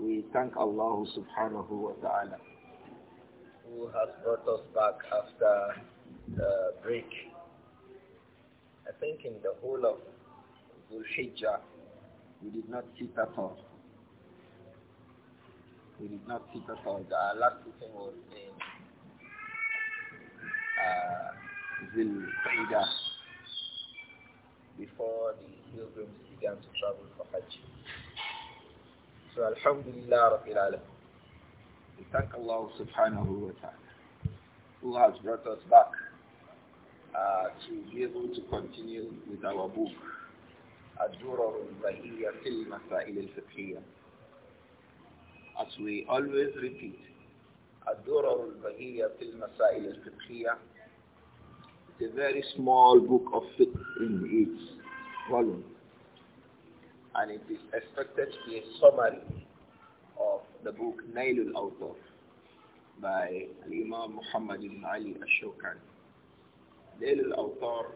We thank Allah subhanahu wa ta'ala. Who has brought us back after the break. I think in the whole of Dhul we did not sit at all. We did not sit at all. The last sitting was in uh, before the pilgrims began to travel for Hajj. So Alhamdulillah Rabbil Alam. thank Allah subhanahu wa ta'ala who has brought us back uh, to be able to continue with our book الدرر البهية في المسائل الفقهية As we always repeat الدرر البهية في المسائل الفقهية It's a very small book of fiqh in its volume and it is expected to be a summary of the book Nailul Awtaf by Imam Muhammad ibn Ali Ashokan. Nailul Awtar,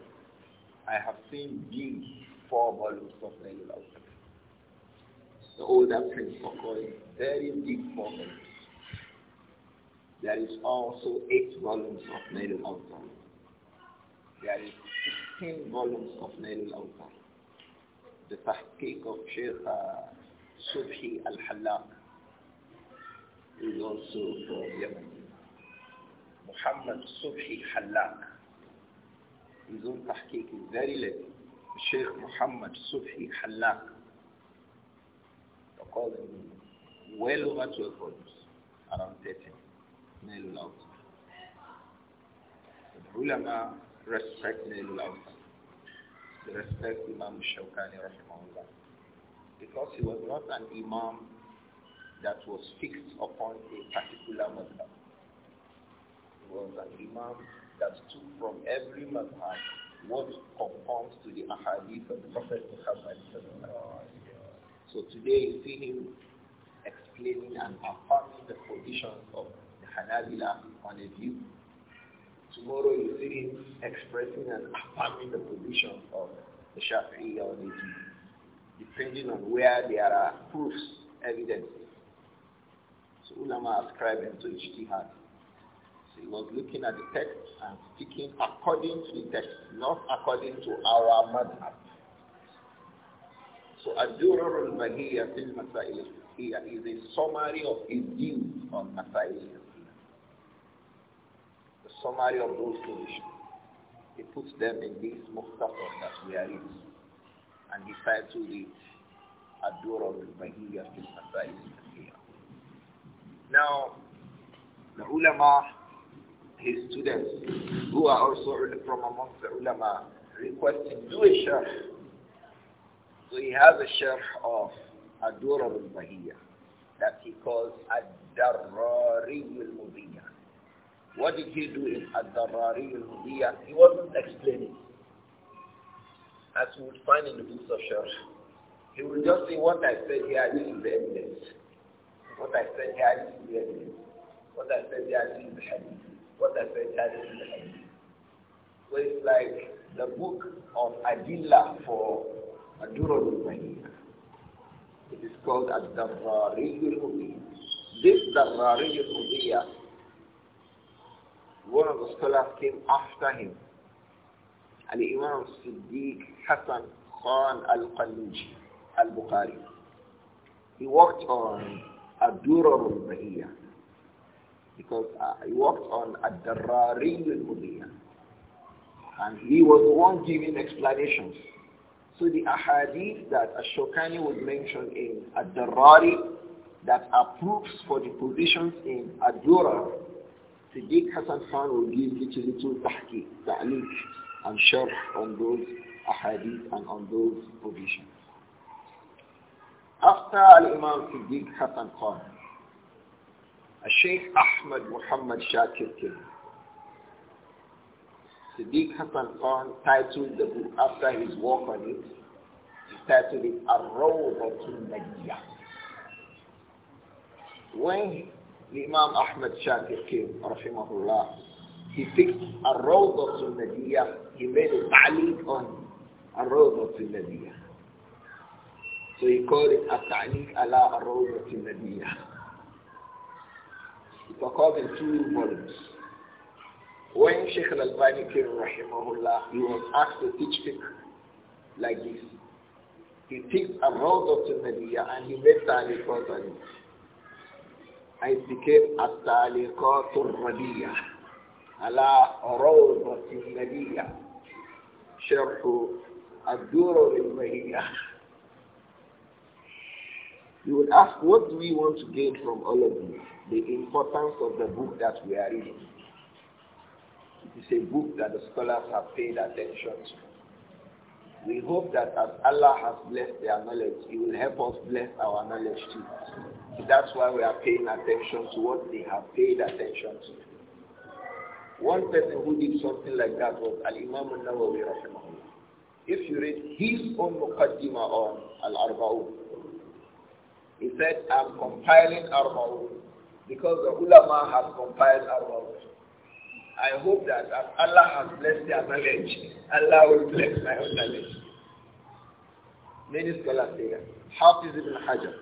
I have seen these four volumes of Nailul Awtar. The older Prince Foko is very big four volumes. There is also eight volumes of Nailul Awtar. There is 16 volumes of Nailul Awtar the tahqiq of Sheikh uh, Subhi al halak is also from Yemen. Muhammad Subhi Halak. His own tahqiq is very late. Sheikh Muhammad Subhi Halak. I well over 12 volumes, around 13, Nailul Awsa. The ulama respect Nailul Awsa respect Imam Shawkani rahimahullah because he was not an Imam that was fixed upon a particular madhab. He was an Imam that took from every madhab what conforms to the ahadith of the Prophet Muhammad. So today you see him explaining and affirming the position of the Hanabila on a view Tomorrow you see him expressing and affirming the position of the Shafi'i or the depending on where there are proofs, evidence. So ulama ascribe him to ijtihad. So he was looking at the text and speaking according to the text, not according to our madhab. So Ad-Durar al-Bahiyya fil Masail is a summary of his views on Masail summary of those things. He puts them in this mukhtasar that we are in. And he titled it Adura al-Bahiyya fil Masail al Now, the ulama, his students, who are also from amongst the ulama, requested do a sharh. So he has a sharh of Adura al-Bahiyya that he calls Ad-Darrari al-Mubiyya. What did he do in Ad-Darari al He wasn't explaining. As you would find in the books of Sharia. He would just say, what I said here, this is the evidence. What I said here, this is the evidence. What I said here, this is the hadith. What I said here, this is the hadith. So it's like the book of Adillah for Adurul Mahina. It is called Ad-Darari al This ad Darari al one of the scholars came after him. Al-Imam Siddiq Hassan Khan Al-Qaluji Al-Bukhari. He worked on ad al-Bahiyya because uh, he worked on ad al-Mudiyya and he was the one giving explanations. So the ahadith that Ashokani would mention in ad that that approves for the positions in ad Siddiq Hassan Khan will give little little tahqiq, ta'liq and sharh on those ahadith and on those provisions. After Al-Imam Siddiq Hassan Khan, Sheikh Ahmad Muhammad Shakir came. Siddiq Hassan Khan titled the book after his work on it, he titled it Ar-Rawdatul Najiyah. When The Imam Ahmad Shakir came, الله He picked a road rawdat sunnadiyah. He made a ta'liq on a road rawdat sunnadiyah. So he called it a ta'liq ala a rawdat sunnadiyah. It called in two volumes. When Sheikh Al-Albani came, الله he was asked to teach fiqh like this. He picked a road rawdat sunnadiyah and he made ta'liqat on it. it became التعليقات الرديئة على روضة النبية شرح الدور المهية You will ask, what do we want to gain from all of this? The importance of the book that we are reading. It is a book that the scholars have paid attention to. We hope that as Allah has blessed their knowledge, He will help us bless our knowledge too. that's why we are paying attention to what they have paid attention to. One person who did something like that was Al-Imam al-Nawawi If you read his own muqaddimah on Al-Arba'un, he said, I'm compiling Arba'un because the ulama have compiled Arba'un. I hope that Allah has blessed their knowledge, Allah will bless my own knowledge. Many scholars say that. Hafiz ibn Hajar,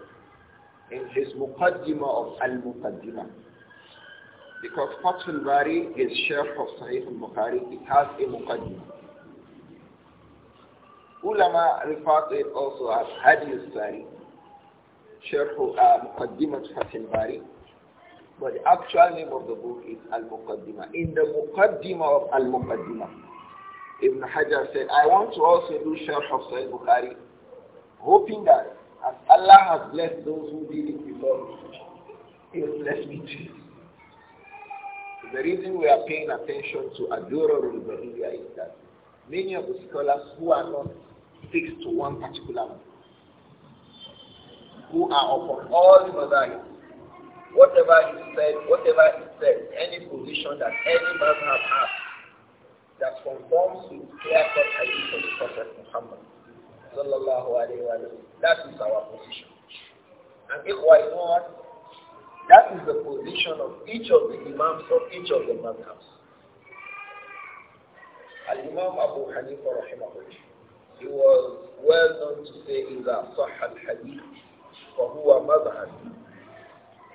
in his Muqaddimah of Al-Muqaddimah, because Fathul Bari is Sheikh of Sahih al-Bukhari, it has a Muqaddimah. Ulama refer to it also as Hadith Sari, Sheikh uh, Muqaddimah Fathul Bari, but the actual name of the book is Al-Muqaddimah. In the Muqaddimah of Al-Muqaddimah, Ibn Hajar said, I want to also do Sharh of Sahih Bukhari, hoping that as Allah has blessed those who did it before, He will bless me too. The reason we are paying attention to Adura Rubahiya is that many of the scholars who are not fixed to one particular one, who are upon all the Madhahis, Whatever he said, whatever he says, any position that any madhab has that conforms with clear-cut hadith of the Prophet Muhammad sallallahu alayhi wa that is our position. And if ikhwa ikhwan, that is the position of each of the imams of each of the madhabs. Al-Imam Abu Hanifa rahimahullah, he was well known to say, إِذَا صَحَّ الْحَدِيثِ فَهُوَ مَذْهَبِ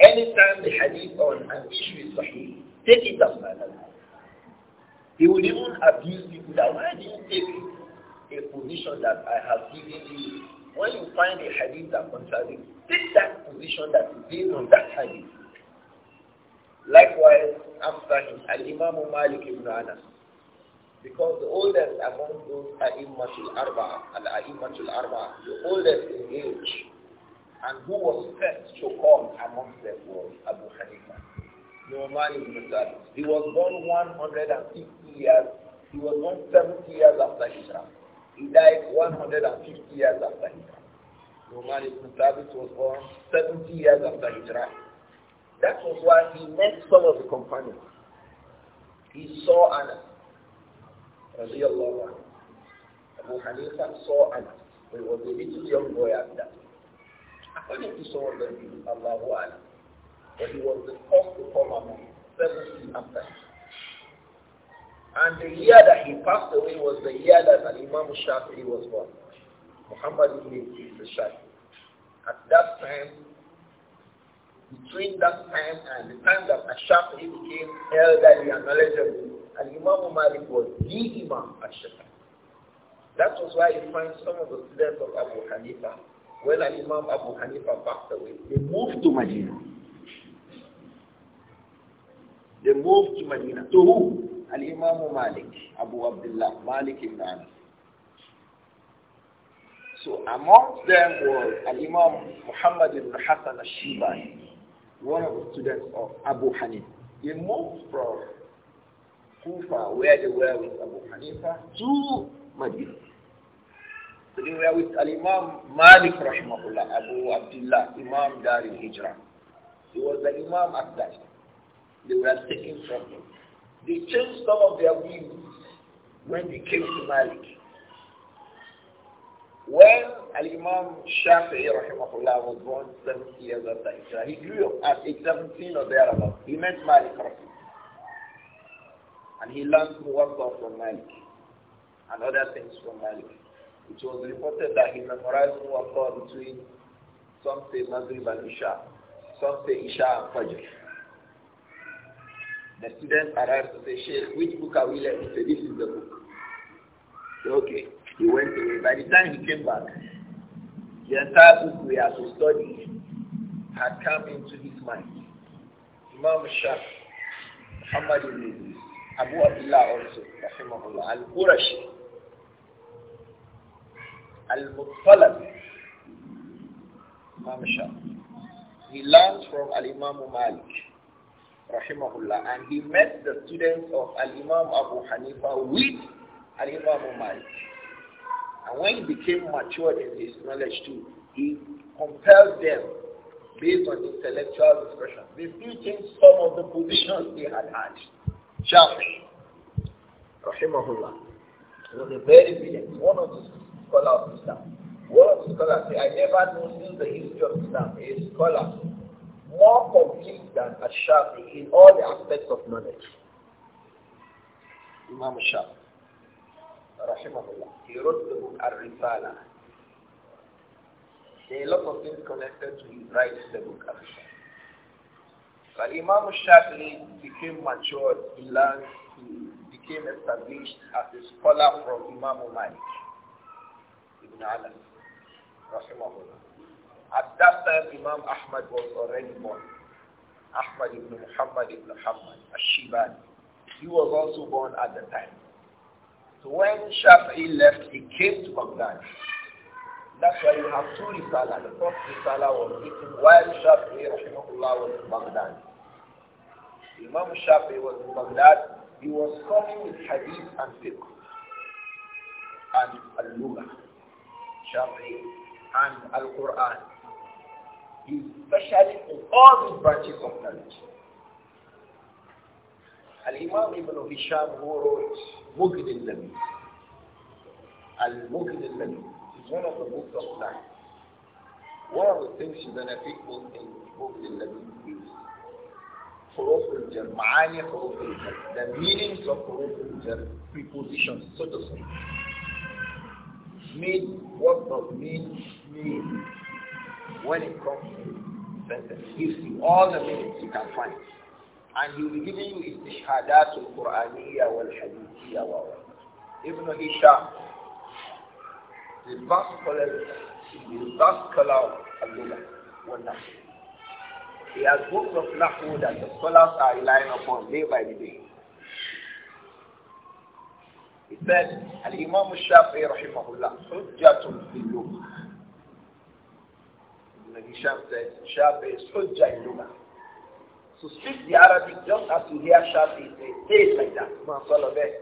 Anytime the hadith on an issue is sahih, take it as an He will even abuse people that why do you take a position that I have given you? When you find a hadith that contradicts, take that position that is based on that hadith. Likewise, after him, Al-Imam Malik ibn Anas. Because the oldest among those Al-Immatul Arba, Al-Immatul Arba, the oldest in age, and who was first to come amongst them was Abu Hanifa. Nu'man ibn Thabit. He was born 150 years. He was born 70 years after Islam. He died 150 years after Hijrah. Nu'man ibn Thabit was born 70 years after Hijrah. That was why he met some of the companions. He saw Anas. Abu Hanifa saw Anas. He was a little young boy at that According to some of them, Allahu But he was the first to come among 70 after him. And the year that he passed away was the year that Imam Shafi'i was born. Muhammad ibn the Shafi'i. At that time, between that time and the time that Ash-Shafi'i became elderly and knowledgeable, and Imam Malik was the Imam Ash-Shafi'i. That was why you find some of the students of Abu Hanifa, when Imam Abu Hanifa passed away, they moved to Medina. They moved to Medina. To who? Al-Imam Malik, Abu Abdullah, Malik ibn Anas. So amongst them was Al-Imam Muhammad ibn Hassan al-Shibani, one of the students of Abu Hanifa. They moved from Kufa, where they were with Abu Hanifa, to Medina. So they were with Al-Imam Malik rahimahullah, Abu Abdullah, Imam Dar hijrah He was the Imam at that time. They were taken from him. They changed some of their views when they came to Malik. When Al-Imam Shafi'i rahimahullah was born 70 years after Hijrah, he grew up at age 17 or thereabouts. He met Malik rahimahullah. And he learned Muwatta from Malik and other things from Malik. It was reported that he memorized Muwakkar between some say Maghrib and Isha, some say Isha and Fajr. The student arrived to say, Sheikh, which book are we left? He said, this is the book. okay. He went away. By the time he came back, the entire book we had to study had come into his mind. Imam Shah, Muhammad ibn Abu Abdullah also, Rahimahullah, Al-Qurashi, Al-Muttalib. He learned from Al-Imam Malik, rahimahullah, and he met the students of Al-Imam Abu Hanifa with Al-Imam Malik. And when he became matured in his knowledge too, he compelled them based on intellectual discussion. They still changed some of the positions they had had. Shafi, rahimahullah, was a very brilliant, one of the scholar of Islam. One of the scholars say, I never knew since the history of Islam a scholar more complete than Ashafi in all the aspects of knowledge. Imam Shafi, rahimahullah, he wrote the book Ar-Risala. There are a lot of things connected to his writing the book Ar-Risala. But Imam Shafi'i became matured, he learned, he became established as a scholar from Imam Malik ibn Anas, rahimahullah. At that time, Imam Ahmad was already born. Ahmad ibn Muhammad ibn Muhammad, ash He was also born at the time. So when Shafi'i left, he came to Baghdad. That's why you have two risala. The first risala was written while Shafi'i rahimahullah was in Baghdad. Imam Shafi'i was in Baghdad. He was coming with hadith and fiqh and al-lugha. Shafi'i, and Al-Quran. He's specialist in all these branches of knowledge. Al-Imam Ibn Hisham who wrote Mughd al-Nabi. Al-Mughd al-Nabi is one of the books of life. One of the things that I think was in Mughd al-Nabi is حروف الجر the meanings of al الجر prepositions so to say mean what does mean mean when it comes to sentence? Gives you all the meanings you can find. And he will be giving you istishhadat al-Qur'aniyya wal-Hadithiyya wa Ibn Hisham, the vast scholar, the vast scholar of Abdullah, one He has books of Nahu that the scholars are relying upon day by day. He said, Al-Imam al-Shafi'i rahimahullah, Hujjatun fil Ibn Hisham said, Shafi'i is Hujja in So speak the Arabic just as you hear Shafi'i say, say it like that. Man, follow that.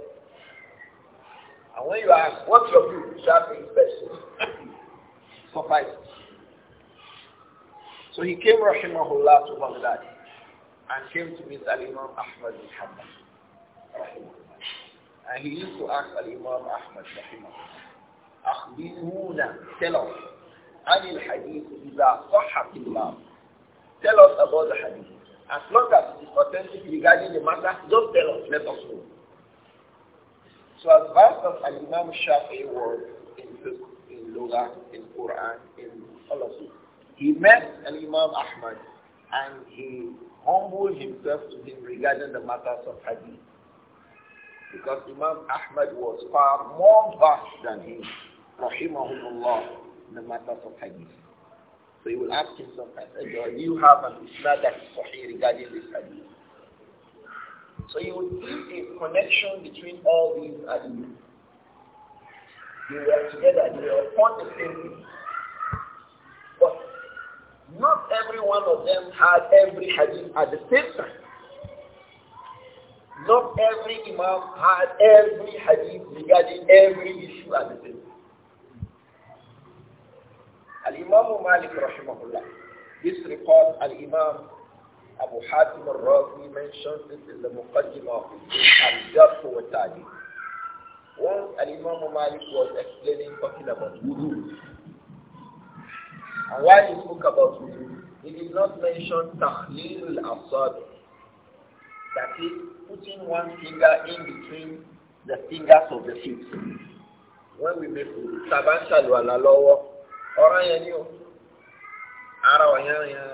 And when you ask, what's your view? Shafi'i says, suffice. So he came, rahimahullah, to Baghdad and came to meet Al-Imam Ahmad bin Hanbal. And he used to ask Al-Imam Ahmad, tell us عن الحديث tell us about the hadith as long as it is authentic regarding the matter don't tell us let us know so as vast as Al-Imam Shafi'i was in fiqh, in Lugha, in Quran, in all of this, he met Al-Imam Ahmad and he humbled himself to him regarding the matters of hadith because Imam Ahmad was far more vast than him, rahimahullah, in the matters of hadith. So you will ask him sometimes, do you have an Islam that is sahih regarding this hadith? So you will see a connection between all these hadiths. They were together, they were upon the same thing. But not every one of them had every hadith at the same time. Not every imam had every hadith regarding every issue at the same Al-Imam Malik rahimahullah. This report Al-Imam Abu Hatim al-Razi mentions it in the Muqaddimah of Al-Jarh wa Tadi. Once Al-Imam Malik was explaining, talking about wudu. And while he spoke about wudu, he did not mention Tahlil al-asad That is putting one finger in between the fingers of the feet. When we make Taban Shalwala lọ́wọ́, ọ̀rọ̀ yẹn ni o. Ara ọ̀yàn yẹn,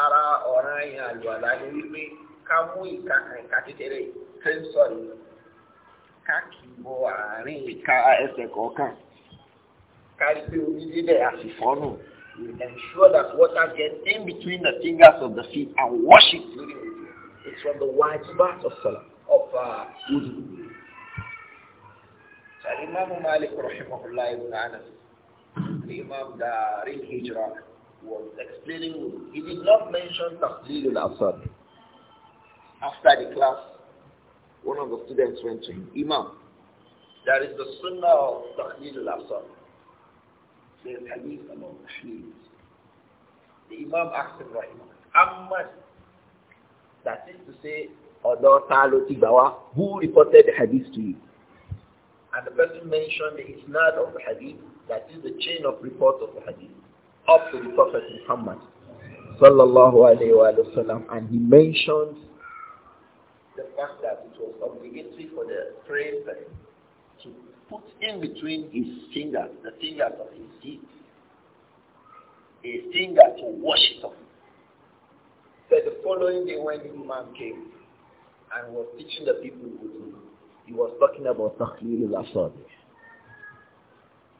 ara ọ̀ràn yẹn àlùwàlá ni wípé ká mú ìka ìka kékeré kẹ́ńsọ̀ yìí. Ká kì í bọ àárín ìka ẹsẹ̀ kọ̀ọ̀kan. Kárí pé omi dídẹ̀ àfìfọ́nù. We ensure that water gets in between the fingers of the feet and wash it during It's from the white part of Salah, of uh, So Imam Malik rahimahullah ibn Anas, the Imam Daril Hijrah, was explaining, he did not mention Tafzil al-Asad. After the class, one of the students went to him, Imam, there is the sunnah of Tafzil al-Asad. There's hadith about Tahleel. The Imam asked him, Rahimahullah, that is to say, Odo Talo Tibawa, who reported the hadith to you? And the person mentioned the isnad of the hadith, that is the chain of report of the hadith, up to the Prophet Muhammad sallallahu alayhi wa, sallam, and he mentioned the fact that it was obligatory for the prayer to put in between his fingers, the fingers of his feet, a finger to wash it off said the following day when the Imam came and was teaching the people he was talking about Tahleel al-Asad.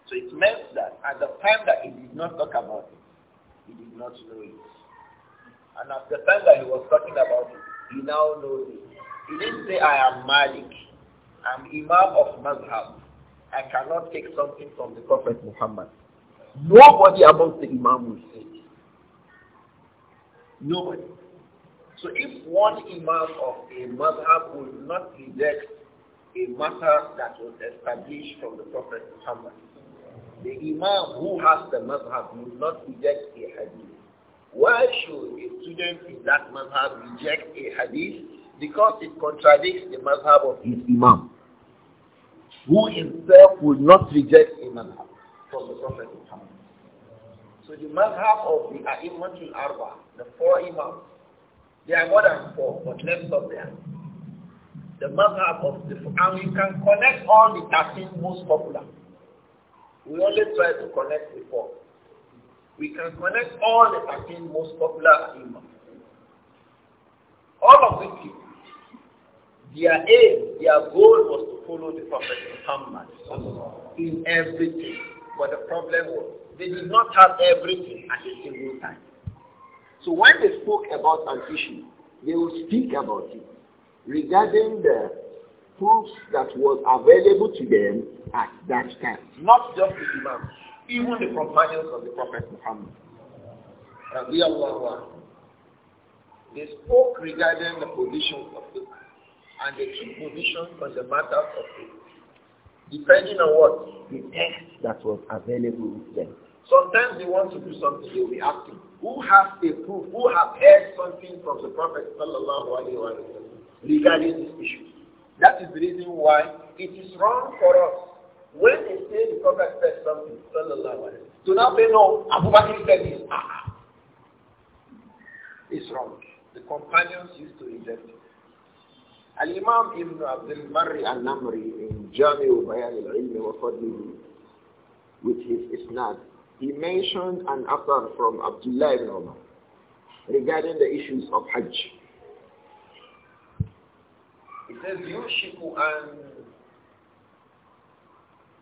So it meant that at the time that he did not talk about it, he did not know it. And at the time that he was talking about it, he now knows it. He didn't say, I am Malik. I'm Imam of Mazhab. I cannot take something from the Prophet Muhammad. Nobody amongst the Imam will say it. Nobody. So if one imam of a madhab would not reject a matter that was established from the Prophet Muhammad, the imam who has the madhab would not reject a hadith. Why should a student in that madhab reject a hadith? Because it contradicts the madhab of his imam, who himself would not reject a madhab from the Prophet Muhammad. So the madhab of the A'immatul Arba, the four imams, they are more than four, but let's stop there. The mazhab of the and we can connect all the 13 most popular. We only try to connect the four. We can connect all the 13 most popular imams. All of which their aim, their goal was to follow the Prophet Muhammad in everything. But the problem was they did not have everything at a single time. So when they spoke about an issue, they will speak about it regarding the proofs that was available to them at that time. Not just the Imam, even the companions of the Prophet Muhammad. They spoke regarding the position of the and the key positions on the matter of depending on what the text that was available to them. Sometimes you want to do something, you'll be asking, who has a proof, who have heard something from the Prophet sallallahu alayhi wa regarding this issue? That is the reason why it is wrong for us when they say the Prophet said something sallallahu alayhi wa to now say no, Abu Bakr said this. Ah, ah, it's wrong. The companions used to reject it. Al-Imam Ibn Abdul Marri Al-Namri in Jami' Bayan Al-Ilm wa Fadlihi with his isnad he mentioned an affair from Abdullah ibn Umar regarding the issues of Hajj. It says, you أَنْ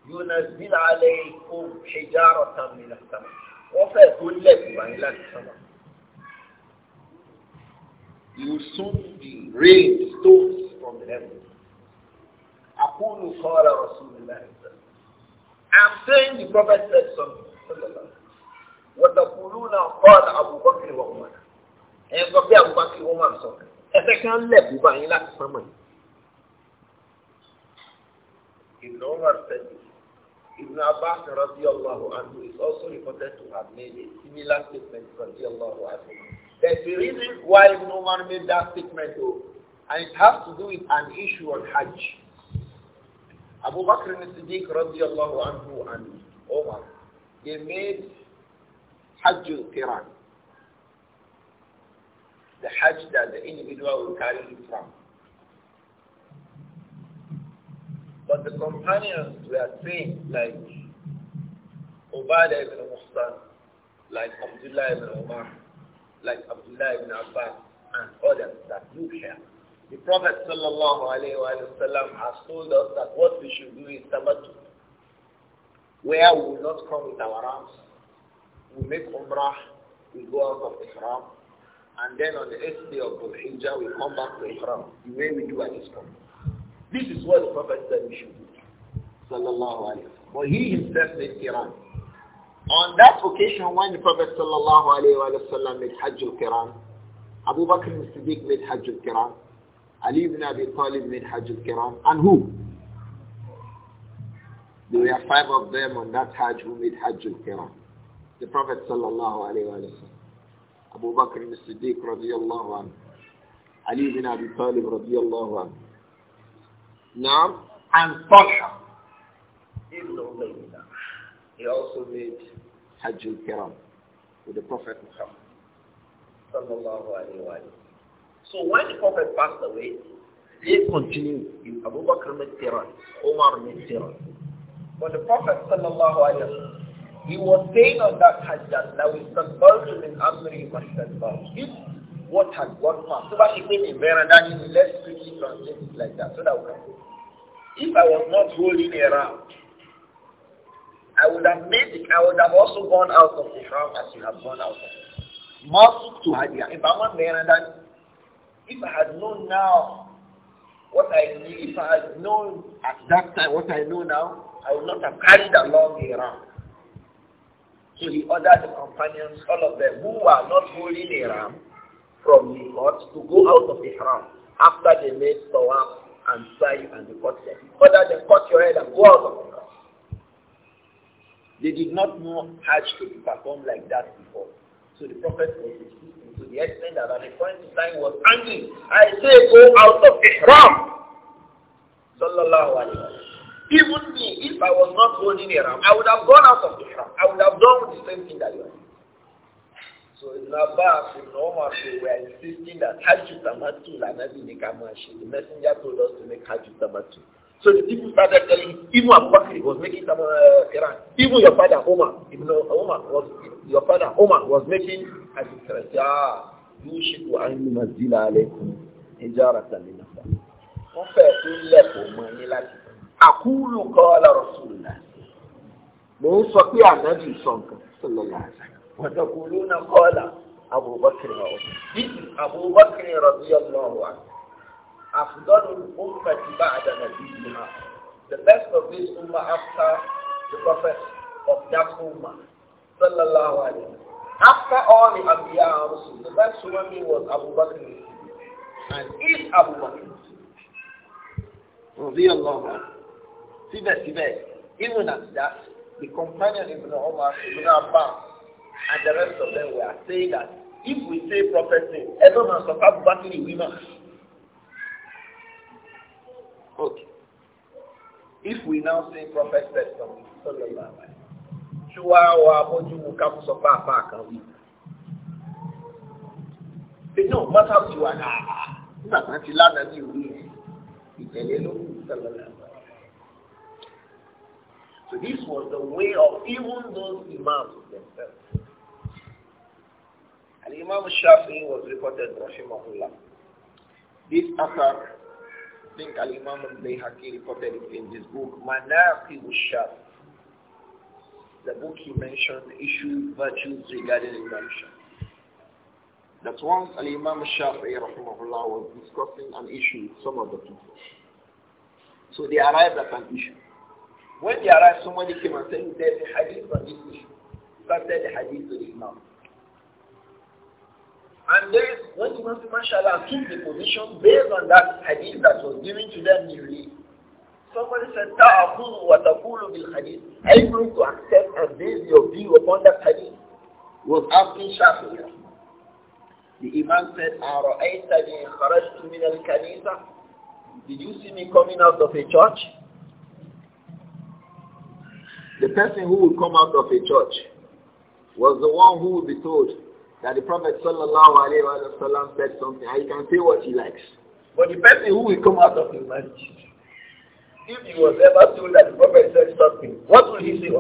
يُنَزِّلْ عَلَيْكُمْ حِجَارَةً مِنَ السَّمَاءِ وَفَيْكُنْ لَكُمْ عَنْ إِلَى السَّمَاءِ You soon be rained stones from the heavens. I'm saying the Prophet said something. وتقولون قال أبو بكر وعمر ẹ sọ pé Abubakar Umar sọ ẹsẹ kan lẹ bùbá yín láti pọn mọ yìí. Ibn Umar said Ibn Abbas radiyallahu anhu is also reported to have made a similar statement radiyallahu anhu. There's a reason why Ibn Umar made that statement though, and it has to do with an issue on Hajj. Abu Bakr al-Siddiq radiyallahu anhu and Umar they made Hajj Qiran. The Hajj that the individual will carry from. But the companions were trained like Ubadah ibn Mustan, like Abdullah ibn Umar, like Abdullah ibn Abbas, and others that you share. The Prophet sallallahu alayhi wa sallam has told us that what we should do is to where we will not come with our arms. We make umrah, we go out of ihram, and then on the eighth day of the Hijjah, we come back to ihram, the way we do at this point. This is what the Prophet said we should do. Sallallahu alayhi wa But he himself made Kiran. On that occasion when the Prophet sallallahu alayhi wa sallam made Hajj al-Quran, Abu Bakr al-Siddiq made Hajj al-Quran, Ali ibn Abi Talib made Hajj al-Quran, and who? There were five of them on that Hajj who made Hajj al-Kiram. The Prophet sallallahu alayhi wa sallam. Abu Bakr ibn Siddiq radiyallahu anhu. Ali ibn Abi Talib radiyallahu anhu. Now, and Talha ibn Umayyah. He also made Hajj al-Kiram with the Prophet Muhammad sallallahu alayhi wa So when the Prophet passed away, they continued. Abu Bakr made Omar made but the Prophet sallallahu alaihi wasallam, he was saying on that hajjah, that we converted in Amri Mashallah. If what had gone past, so that it made a verandani, let's quickly translate it like that, so that we If I was not holding around, I would have made it, I would have also gone out of the Ihram as you have gone out of it. Masuk to Hadiah. If I'm not there and then, if I had known now what I knew, if I had known at that time what I know now, I would not have carried along a ram. So he ordered the companions, all of them, who were not holding a ram from the court, to go out of the ram after they made tawaf and sa'i and the court said, order them cut your head and go out of the ram. They did not know Hajj to be performed like that before. So the prophet was insisting to the extent that at the point in time was angry. I say go out of Ihram. Sallallahu alayhi wa sallam. Even me, if I was not holding ram, I would have gone out of the ram. I would have done the same thing that you are doing. So Ibn Abbas, Ibn Omar, they were insisting that Hajj Tamatu, Lanabi Nikamashi, the messenger told us to make Hajj Tamatu. So the people started telling even Abu Bakr was making some uh, Iran. Even your father Omar, even Omar was your father Omar was making Hajj Tamatu. يوشك أن ينزل عليكم حجارة من نفسه. وفاتوا لكم من لكم àkúlù kọ́ọ̀lá rọ̀ṣùlá mò ń sọ pé ànábì sọ nǹkan sọlọ́lá radiyallahu anhu ummati ba'da the best of this ummah after the prophet of that ummah sallallahu after all the anbiya and the best human was Abu Bakr, and is abubakar radiyallahu anhu síbẹ̀síbẹ̀ even at that the companion Ibn Omar, Ibn Abbas and the rest of them were saying that if we say prophecy everyone must suffer battle we must. Okay. If we now say prophet said something, sallallahu alaihi ṣùwàwà abójúmu ká fún sọpá àpá kan wí. Bẹ́ẹ̀ni ò bá sáà ti wà náà nígbà tí wọ́n ti lánàá ní ìwé ìtẹ̀lé ló kù náà. So this was the way of even those imams themselves. And Imam Shafi'i was reported, Rahimahullah. This affair, I think Al-Imam al-Bayhaqi reported it in his book, Manaqi al The book he mentioned issues, virtues regarding Imam That once Al-Imam Shafi'i, Rahimahullah, was discussing an issue with some of the people. So they arrived at an issue. When they arrived, somebody came and said, there's a hadith on this issue. that the hadith to the Imam. And there is, when Imam Mashallah took the position based on that hadith that was given to them newly, somebody said, Ta'akulu wa taqulu bil hadith. Are you going to accept and base your view upon that hadith? Was asking Shafi'i. The Imam said, أَرَأَيْتَنِي خَرَجْتُ مِنَ الْكَنِيسَةِ Did you see me coming out of a church? The person who will come out of a church was the one who will be told that the Prophet wasallam said something and he can say what he likes. But the person who will come out of the marriage, if he was ever told that the Prophet said something, what will he say?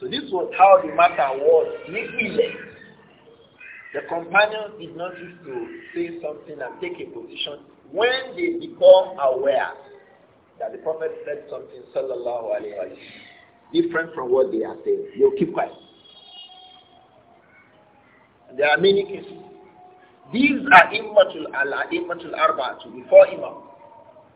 So this was how the matter was The companions did not used to say something and take a position when they become aware that the Prophet said something, sallallahu alayhi wa different from what they are saying. They'll keep quiet. There are many cases. These are immatul Allah, immatul Arba, before Imam.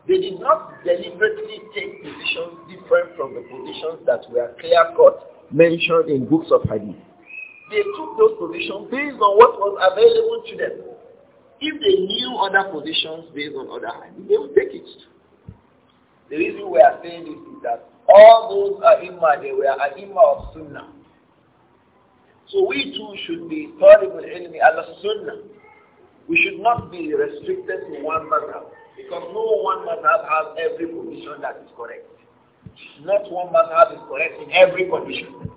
They did not deliberately take positions different from the positions that were clear-cut mentioned in books of hadith. They took those positions based on what was available to them. If they knew other positions based on other hadith, they would take it. The reason we are saying this is that all those are imma, they were an imma of sunnah. So we too should be enemy ilmi ala sunnah. We should not be restricted to one madhab because no one madhab has every position that is correct. Not one has is correct in every condition.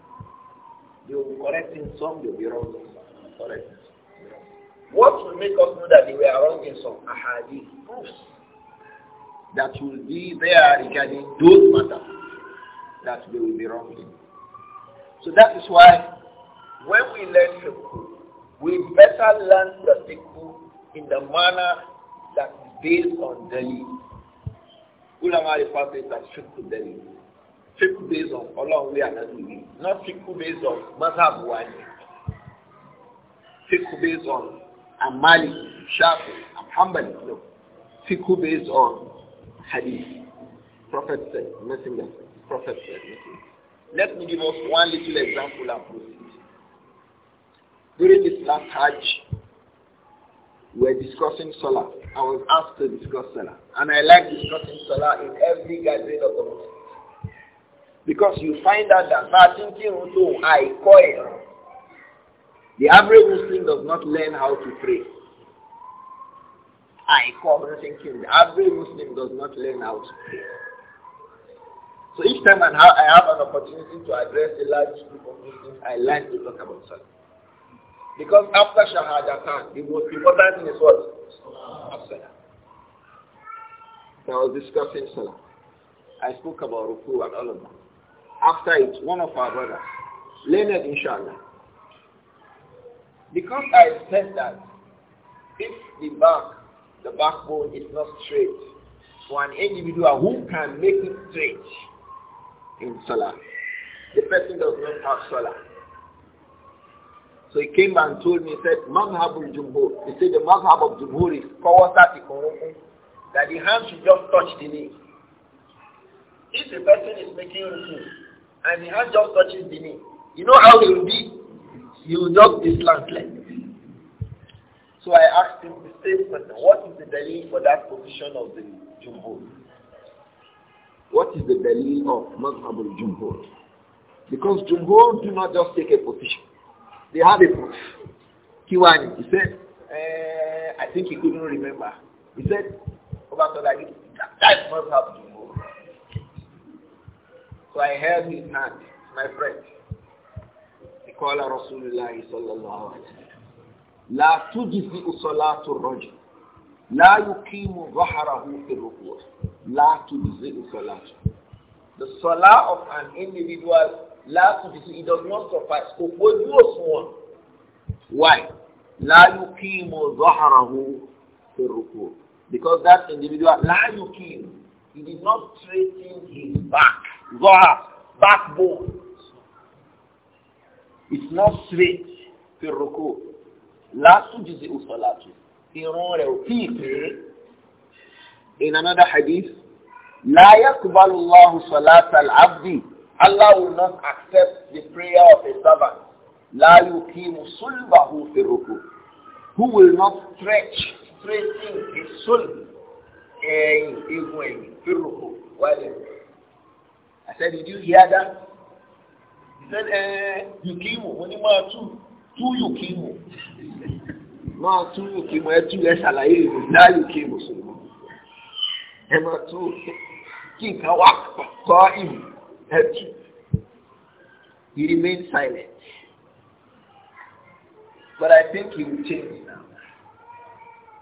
You will be correct in some, you will be wrong in some. Correct. What will make us know that they were wrong in some? Ahadith proofs that will be there regarding those matters that they will be wrong in. So that is why when we learn fiqh, we better learn the fiqh in the manner that is based on Delhi. Ulama refer to it as fiqh dalil. Fiqh based on Allah we are not doing. Not fiqh based on mazhab wani. Fiqh based on Amali, Shafi, Hanbali. No. Fiqh based on hadith. Prophet said, messenger Prophet said, messenger. Let me give us one little example and prove it. During this last Hajj, we were discussing Salah. I was asked to discuss Salah. And I like discussing Salah in every gathering of the Muslims. Because you find out that thinking too high, coil. The average Muslim does not learn how to pray. I come thinking every Muslim does not learn how to pray. So each time I have an opportunity to address a large group of Muslims, I like to talk about Salah. Because after Shahadatan, the most important thing is what? Salah. I was discussing Salah. I spoke about Ruku and all of that. After it, one of our brothers, Leonard Inshallah, because I said that if the back the backbone is not straight. For an individual who can make it straight in Salah, the person does not have Salah. So he came and told me, he said, Madhabul Jumhur. He said the Madhab of Jumhur is that the hand should just touch the knee. If the person is making Salah and the hand just touches the knee, you know how he will be? He will just be so I asked him the same question. What is the dalil for that position of the Jumhur? What is the dalil of Mazhabul Jumhur? Because Jumhur do not just take a position. They have a proof. Kiwani, he said, uh, I think he couldn't remember. He said, Obatolagi, that, that Mazhab Jumhur. So I held his hand, my friend. He called Rasulullah sallallahu alayhi wa sallam. لا تجزئ صلاة الرجل لا يقيم ظهره في الركوع لا تجزئ صلاة. The salah of an individual لا تجزئ it does not suffice kò gbójú òṣùwọ̀n why لا يقيم ظهره في الركوع because that individual لا يقيم he did not straighten his back ظهر backbone it's not straight في الركوع látújìzì òsọ̀làtù irun rẹ̀ ò tí ì pé in another hadith láyàkùbálù wàhù sọ̀làtàl abdi Allah will not accept the prayer of a servant láyù kí mùsùlùmí fèrèkù who will not stretch straighten his soul ẹ̀yìn egun ẹ̀yìn fèrèkù wálé. I said, did you hear that? He said, eh, yukimu, onímọ̀ tú, tú yukimu máa tún òkè mọ́ ẹ tún ẹ ṣàlàyé rẹ̀ láàyè òkè mùsùlùmí ẹ máa tún kí nǹkan wá kọ́ ìlú he remained silent but I think he will change now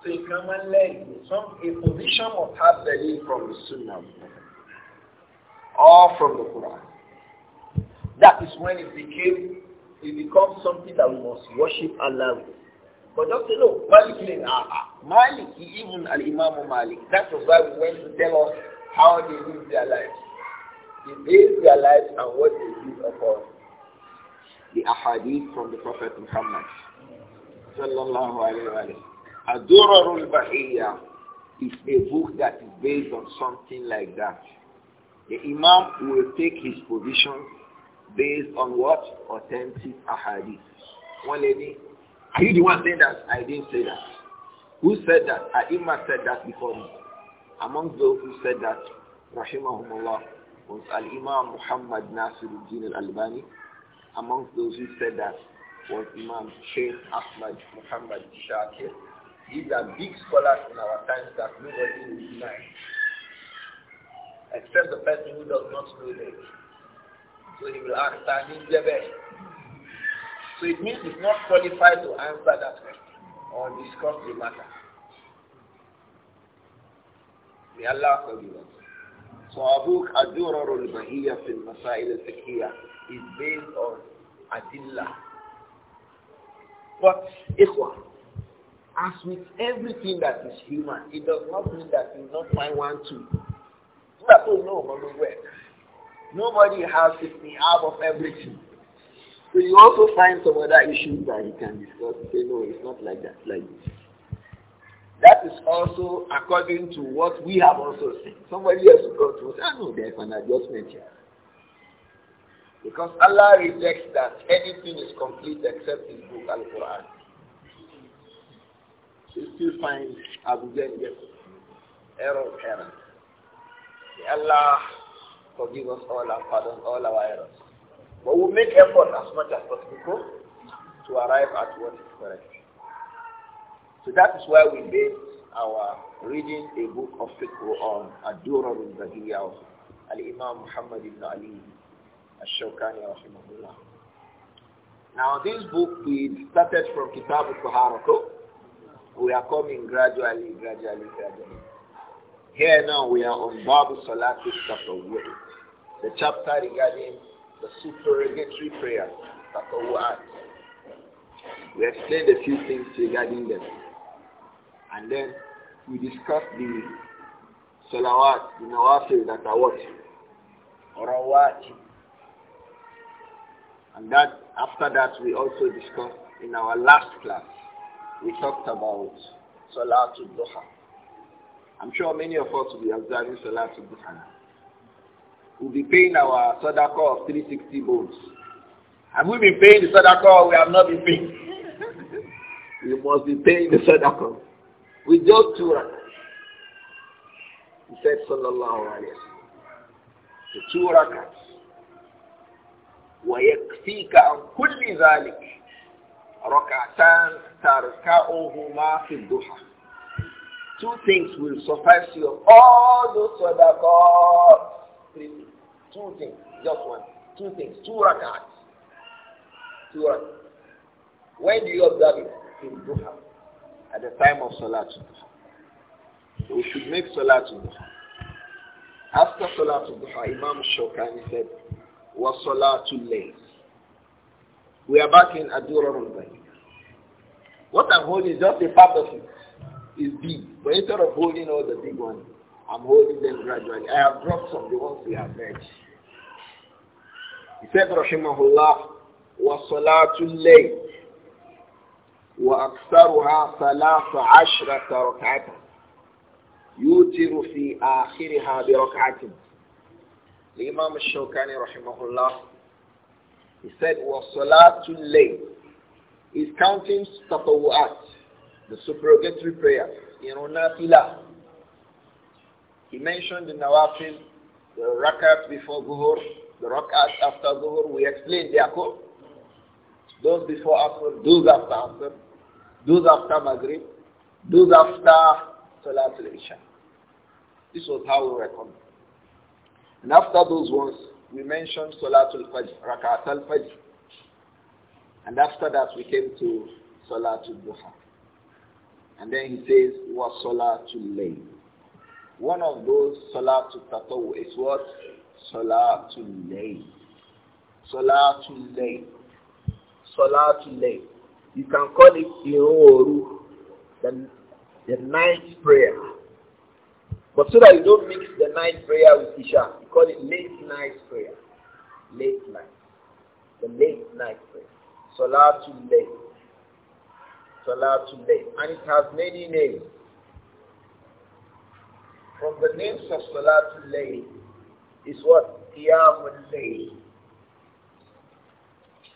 so you can man learn some a position of hadith from the sunnah or from the Quran that is when it became it becomes something that we must worship Allah with. But don't say, no, Malik ah, ah, Malik, even Al-Imam Malik. That was why we went to tell us how they live their lives. They live their lives on what they live upon. The ahadith from the Prophet Muhammad. Sallallahu alayhi wa Adurarul Bahiyya is a book that is based on something like that. The Imam will take his position based on what? Authentic ahadith. One lady are you the one saying that? I didn't say that. Who said that? Imam said that before me. Among those who said that, Rahimahumullah, was Al-Imam Muhammad Nasiruddin Al-Albani. Among those who said that was Imam Sheikh Ahmad Muhammad Shakir. These are big scholars in our times that nobody will deny, except the person who does not know them. So he will ask, Tahin Jebel, so it means it's not qualified to answer that question or discuss the matter. May Allah forgive us. So our book, al-Bahiyya fil Masail al-Fiqhiyya is based on Adillah. But, ikhwah, as with everything that is human, it does not mean that you not find one too. That's all no, but Nobody has the have of everything. So you also find some other issues that he can discuss and say, no, it's not like that, like this. That is also according to what we have also seen. Somebody else will go to us, I ah, know there's an adjustment here. Because Allah rejects that anything is complete except his book, Al-Quran. You still find Abu Ghani's error parent. May Allah forgive us all and pardon all our errors. But we make effort as much as possible to arrive at what is correct. So that is why we base our reading a book of fiqh on Ad-Durar al Al-Imam Muhammad ibn Ali al-Shawkani rahimahullah. Now this book we started from Kitab al We are coming gradually, gradually, gradually. Here now we are on Babu Salat Chapter tafawwud the chapter regarding the supererogatory prayers, tatawu'at. We explained a few things regarding them. And then we discussed the salawat, the nawafil that are what? orawat, And that, after that, we also discussed in our last class, we talked about salatul duha. I'm sure many of us will be observing salatul duha now. We'll be paying our sadaqah of 360 bones. Have we been paying the sadaqah we have not been paying? we must be paying the sadaqah. We just two rakah. He said, sallallahu alayhi wa The two rakats. ويكفيك عن كل ذلك ركعتان تركعهما في الضحى two things will suffice you all those sadaqahs three things. Two things, just one. Two things, two rakats. Two When do you observe it? In duha. At the time of salat. We should make in Duha. After in Duha, Imam Shawkani said, wa too late? We are back in Adura Rumbai. What I'm holding is just a part of it. It's big. But instead of holding all the big ones, I'm holding them gradually. I have dropped some of the ones we have read. He said, Rahimahullah, wa salatul layl wa aksaruha salatu ashra tarakata yutiru fi akhiriha bi rak'atin. Imam al Rahimahullah, he said, wa salatul layl He's counting tatawu'at, the supererogatory prayer, in unafilah, he mentioned the Nawafil, the Rakat before Zuhur, the Rakat after Zuhur. We explained the Akul. Those before Asr, those after Asr, those after Maghrib, those after Salatul Isha. This was how we reckoned. And after those ones, we mentioned Salatul Fajr, Rakat al-Fajr. And after that, we came to Salatul Duha. And then he says, was Salatul Layl. One of those Salatul Tatawu is what? Salatul Layl. Salatul Layl. Salatul Layl. You can call it Iroru, the, the night prayer. But so that you don't mix the night prayer with Isha, you call it late night prayer. Late night. The late night prayer. Salatul Layl. Salatul Layl. And it has many names from the names of Salatul Layl is what? Qiyamul Layl.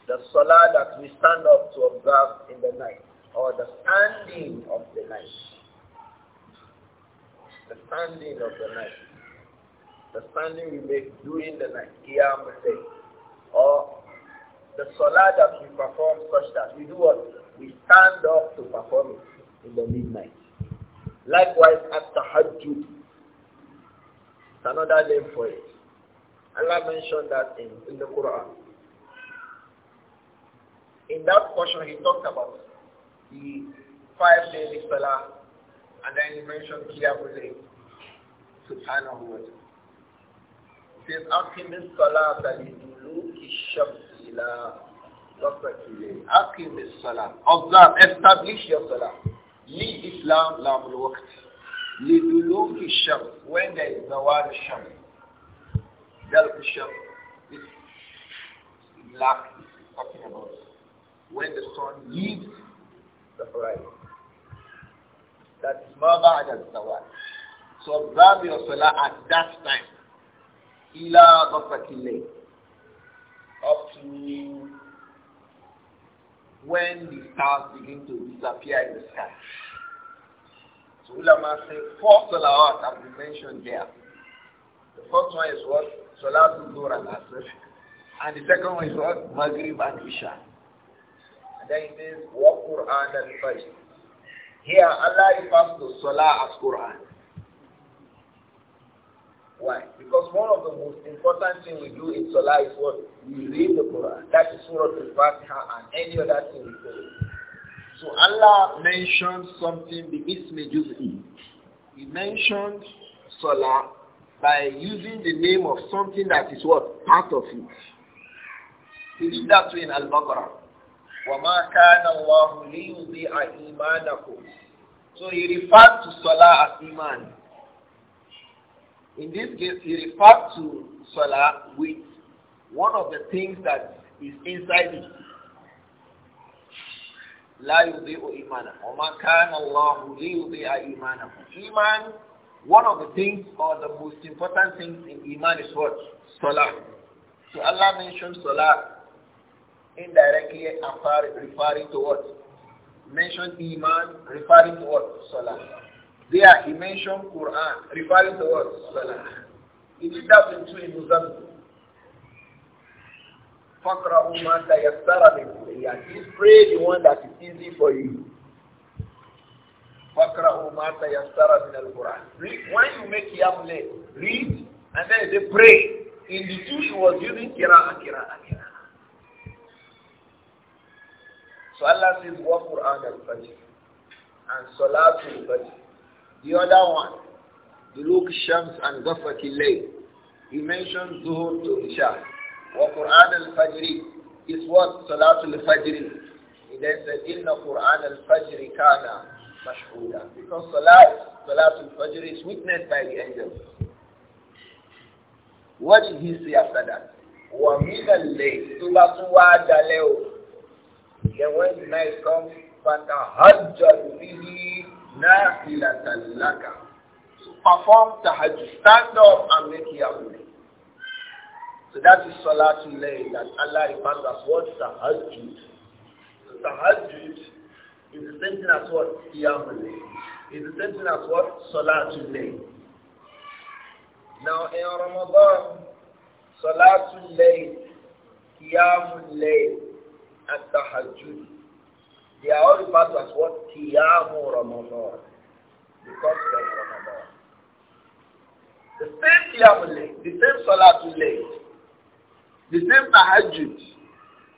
The Salah that we stand up to observe in the night or the standing of the night. The standing of the night. The standing we make during the night, Qiyamul Layl. Or the Salah that we perform such that we do what? We stand up to perform it in the midnight. Likewise at the Hajj it's another name for it. Allah mentioned that in, in the Quran. In that portion, he talked about the five daily salah, and then he mentioned Qiyamul Subhanahu wa Ta'ala. He says, أقم الصلاة لدلوك الشمس إلى غسق الليل. أقم Salah, Observe, establish your salah. Islam لام الوقت. لدلوك الشمس when there is زوال الشمس ذلك الشمس is black is talking about when the sun leaves the horizon that is ما بعد الزوال so observe your salah at that time إلى غفرة الليل up to when the stars begin to disappear in the sky Ulama say four salawat have been mentioned there. The first one is what? Salatul Dhuhr and Asr. And the second one is what? Maghrib and Isha. And then says wa Quran al Fajr. Here Allah refers to Salah as Quran. Why? Because one of the most important thing we do in Salah is what? We read the Quran. That is Surah Al-Fatiha and any other thing we do. So Allah mentioned something bi-ismi juz'i. He mentioned Salah by using the name of something that is what? Part of it. He did that in Al-Baqarah. وَمَا كَانَ اللَّهُ لِيُضِيعَ إِيمَانَكُمْ So he referred to Salah as Iman. In this case, he referred to Salah with one of the things that is inside it. لا يضيء إيمانه وما كان الله ليضيء إيمانه إيمان one of the things or the most important things in Iman is what? Salah. So Allah mentioned Salah indirectly referring to what? Mentioned Iman referring to what? Salah. There he mentioned Quran referring to what? Salah. He did that in two in فَقْرَأُوا مَا pray the one that is easy for you. When you make Qiyam read and then they pray. In the two, he was using Qira'ah, Qira'ah, Qira'ah. So Allah says, one Quran al-Fajr and Salatul Fajr. The other one, the Luke Shams and Ghafat He mentions Zuhur to Isha. Quran وقرآن الفجر is what صلاة الفجر It is that in the Quran al-Fajr kana mashhuda. Because salat, salat al-Fajr is witnessed by the angels. What did he say after that? Wa min al-lay, tuba tuwa jaleo. Then when the night comes, fata hajjal bihi nafilatan laka. So perform tahajjud, stand up and make your. So that is Salatul Layl that Allah refers as what? Tahajjud. So Tahajjud is the same thing as what? Qiyamul Is the same thing as what? Salatul Layl. Now in Ramadan, Salatul Layl, Qiyamul Layl, and they are all referred as what? Qiyamu Ramadan. Because of Ramadan. The same Qiyamul Layl, the same Salatul Layl, The same tahajjud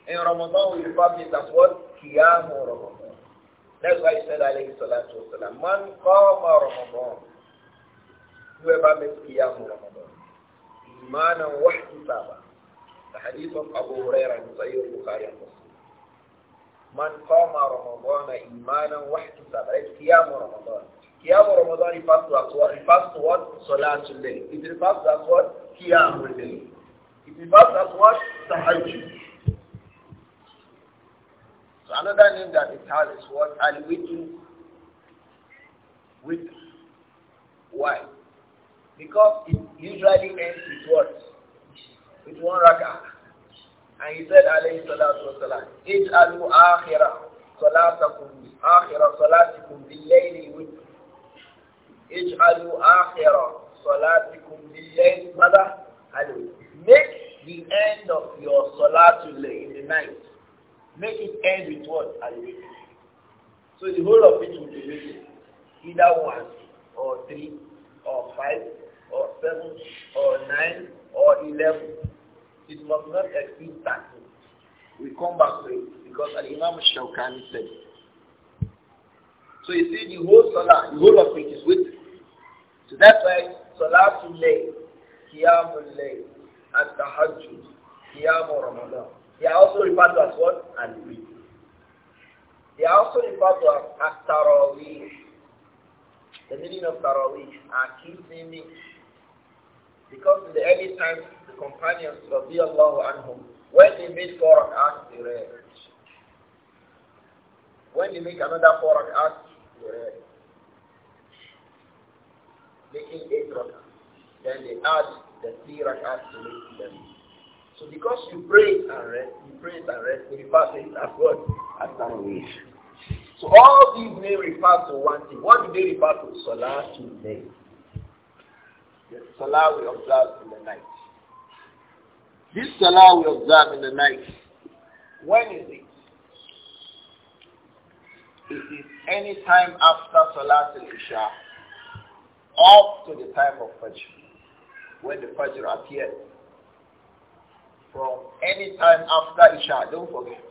in Ramadan we refer to it as what? Qiyam Ramadan. That's why he said, alayhi salatu wasalam, Man qama Ramadan. Whoever makes Qiyam Ramadan. Imanan wa ihtisaba. The hadith of Abu Hurairah in Sayyid Bukhari and Muslim. من قام رمضان إيمانا واحتسابا قيام رمضان قيام Ramadan refers to what? refers to what? Salatul الليل it refers to what? قيام الليل It is not as what? Tahajjud. So another name that it has is what? Al-Witr. Witr. Why? Because it usually ends with what? With one rakah. And he said, alayhi salatu salam. اجعلوا آخر صلاتكم آخر صلاتكم بالليل وتر. اجعلوا آخر صلاتكم بالليل ماذا؟ الوتر. Make the end of your Salatul in the night, make it end with what? Al So the whole of it will be written. Either one, or three, or five, or seven, or nine, or eleven. It must not exceed that. We come back to it because an Imam Shawkani said So you see, the whole Salah, the whole of it is with. So that's why Salatul Layl, Qiyamul lay, at the Qiyam Ramadan. They are also referred to as what? Al-Bid. They are also referred to as At-Tarawih. The meaning of Tarawih are keeping Because in the early times, the companions of Allah anhum, when they made four ask they read. When they make another four rak'ahs, they read. Making eight rak'ahs. Then they add the three rak'ahs to make the So because you pray and rest, you pray and rest, you refer to it as what? As tarawih. So all these may refer to one thing. What do they refer to? Salah to day. The salah we observe in the night. This salah we observe in the night. When is it? It is any time after salah Salatul Isha up to the time of Fajr when the Fajr appears. From any time after Isha, don't forget.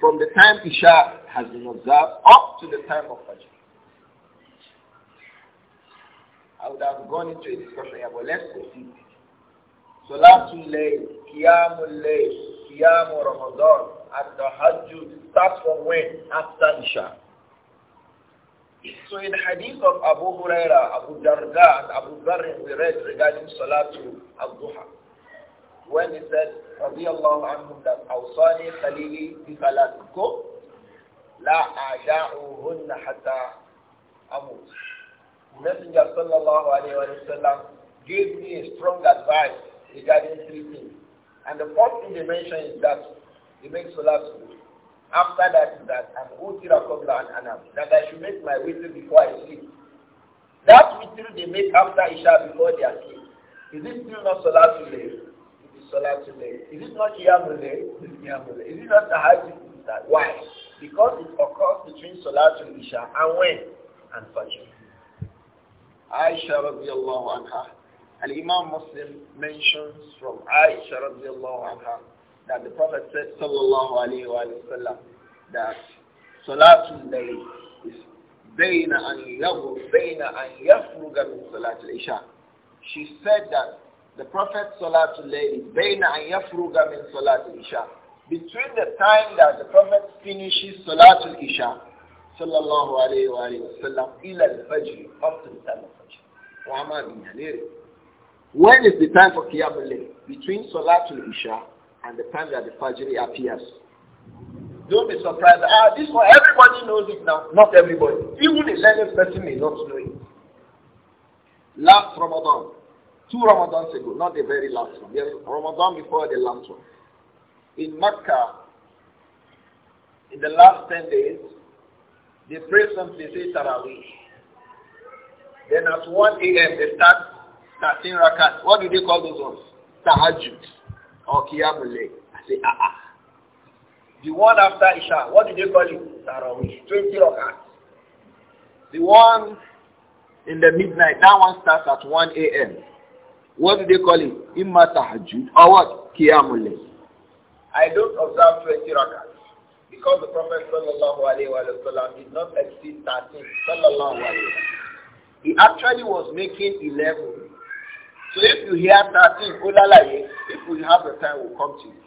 From the time Isha has been observed up to the time of Fajr. I would have gone into a discussion here, but let's proceed. Salatul Layl, Qiyamul Layl, Qiyamul Ramadan, at the Hajj starts from when? After Isha. So in the hadith of Abu Huraira, Abu Darda, Abu Dharr, we read regarding Salatu al-Duha. When he said, radiyallahu anhu, that awsani khalili bi salatukum, la aja'uhunna hatta amut. Messenger sallallahu alayhi wa sallam gave me a strong advice regarding three things. And the fourth thing he mentioned is that he makes salat after that is that that I'm utira qabla and anam. That I should make my witr before I sleep. That witr they make after Isha before they are sleep. Is it still not Salah today? It is Salah today. Is it not Qiyamul It is Qiyamul Is it not the That why? Because it occurs between and Isha and when? And Fajr. Aisha radiallahu anha. And Imam Muslim mentions from Aisha radiallahu anha that the Prophet said, sallallahu alayhi wa sallam, that salatul layl is bayna an bayna an yafruga min salatul isha. She said that the Prophet salatul layl is bayna an yafruga min salatul isha. Between the time that the Prophet finishes salatul isha, sallallahu alayhi wa sallam, ila al-fajr, up to the time of fajr. Wa ma bin When is the time for Qiyamul Layl? Between Salatul Isha and the time that the Fajr appears. Don't be surprised. Ah, this one, everybody knows it now. Not everybody. Even a learned person may not know it. Last Ramadan, two Ramadans ago, not the very last one. Yes, Ramadan before the last one. In Mecca, in the last 10 days, they pray something, they say Tarawih. Then at 1 a.m. they start starting rakat. What do they call those ones? Tahajjud or I say, ah, ah. The one after Isha, what do they call it? Tarawih, 20 rakats. The one in the midnight, that one starts at 1 a.m. What do they call it? Imma Tahajjud or what? Qiyamul I don't observe 20 rakats because the Prophet sallallahu alayhi wa sallam did not exceed 13 sallallahu alayhi wa He actually was making 11 so if you hear that thing, ulalaye, oh, if we have the time, we'll come to you.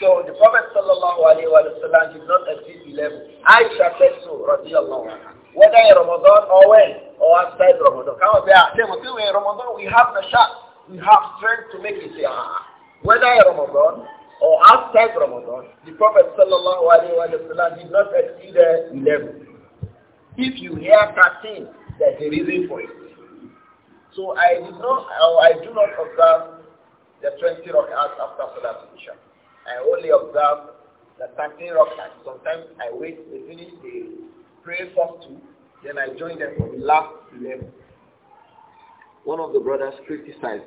So the Prophet sallallahu alayhi wa sallam did not exceed 11. Aisha said so, radiallahu anha. Whether in Ramadan or when, or outside Ramadan. Come on, they are still in Ramadan, we have the shot. We have strength to make it. Whether in Ramadan or outside Ramadan, the Prophet sallallahu alayhi wa sallam did not exceed 11. If you hear 13, there's a reason for it. So I did not, I do not observe the 20 rak'ahs after Salat Isha. I only observe the 13 rak'ahs. Sometimes I wait, they finish, they pray first two, then I join them from the last 11. One of the brothers criticized.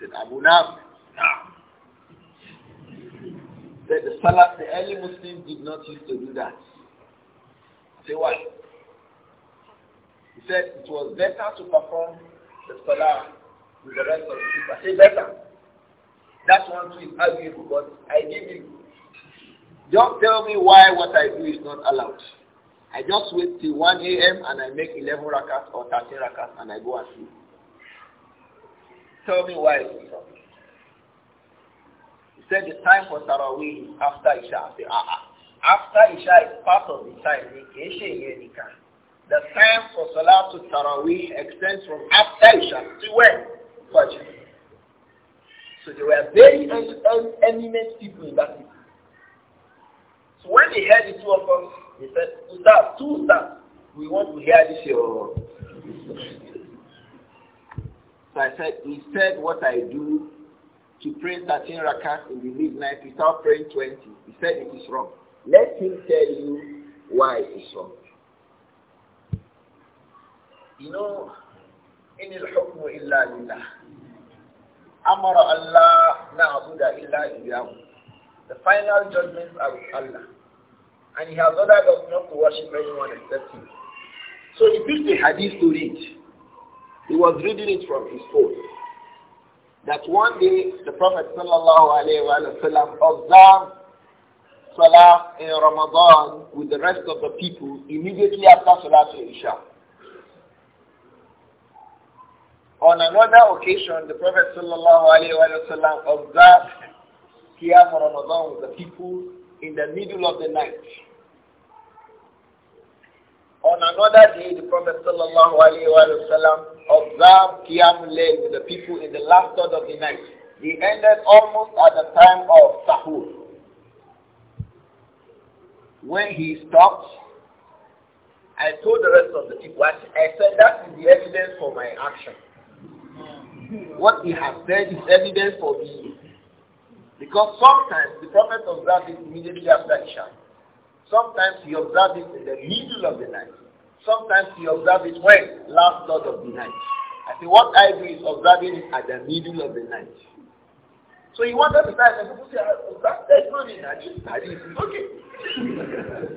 Said, Abu Nab, said the Salat, the early Muslims did not used to do that. Say what? He said it was better to perform the salah with the rest of the people. I say better. That one too is arguable, but I give you. Don't tell me why what I do is not allowed. I just wait till 1 a.m. and I make 11 rakats or 13 rakats and I go and sleep. Tell me why He said the time for taraweeh is after Isha. I say, ah, uh -uh. After Isha is part of the time. The time for Salatul Taraweeh extends from after Isha to when? Fajr. So they were very eminent people in that city. So when they heard the two of us, they said, Ustaz, two Ustaz, we want to hear this so I said, instead what I do to pray 13 rakats in the midnight without praying 20, he said it is wrong. Let him tell you why it is wrong. You know, in al-hukmu illa lillah. Amara Allah na'budu illa iyyahu. The final judgment of Allah. And he has ordered us not to worship anyone except him. So he picked the hadith to read. He was reading it from his phone. That one day the Prophet sallallahu alaihi wasallam observed Salah in Ramadan with the rest of the people immediately after Salah to Isha. On another occasion, the Prophet ﷺ observed Qiyam Ramadan with the people in the middle of the night. On another day, the Prophet ﷺ observed Qiyam Layl with the people in the last third of the night. He ended almost at the time of Sahur. When he stopped, I told the rest of the people, I said that is the evidence for my action what he has said is evidence for me. Because sometimes the prophet God it immediately after Isha. Sometimes he observes it in the middle of the night. Sometimes he observes it when? Last third of the night. I say what I do is observing it at the middle of the night. So he want to understand people say, that, there's no need, I just study. Okay.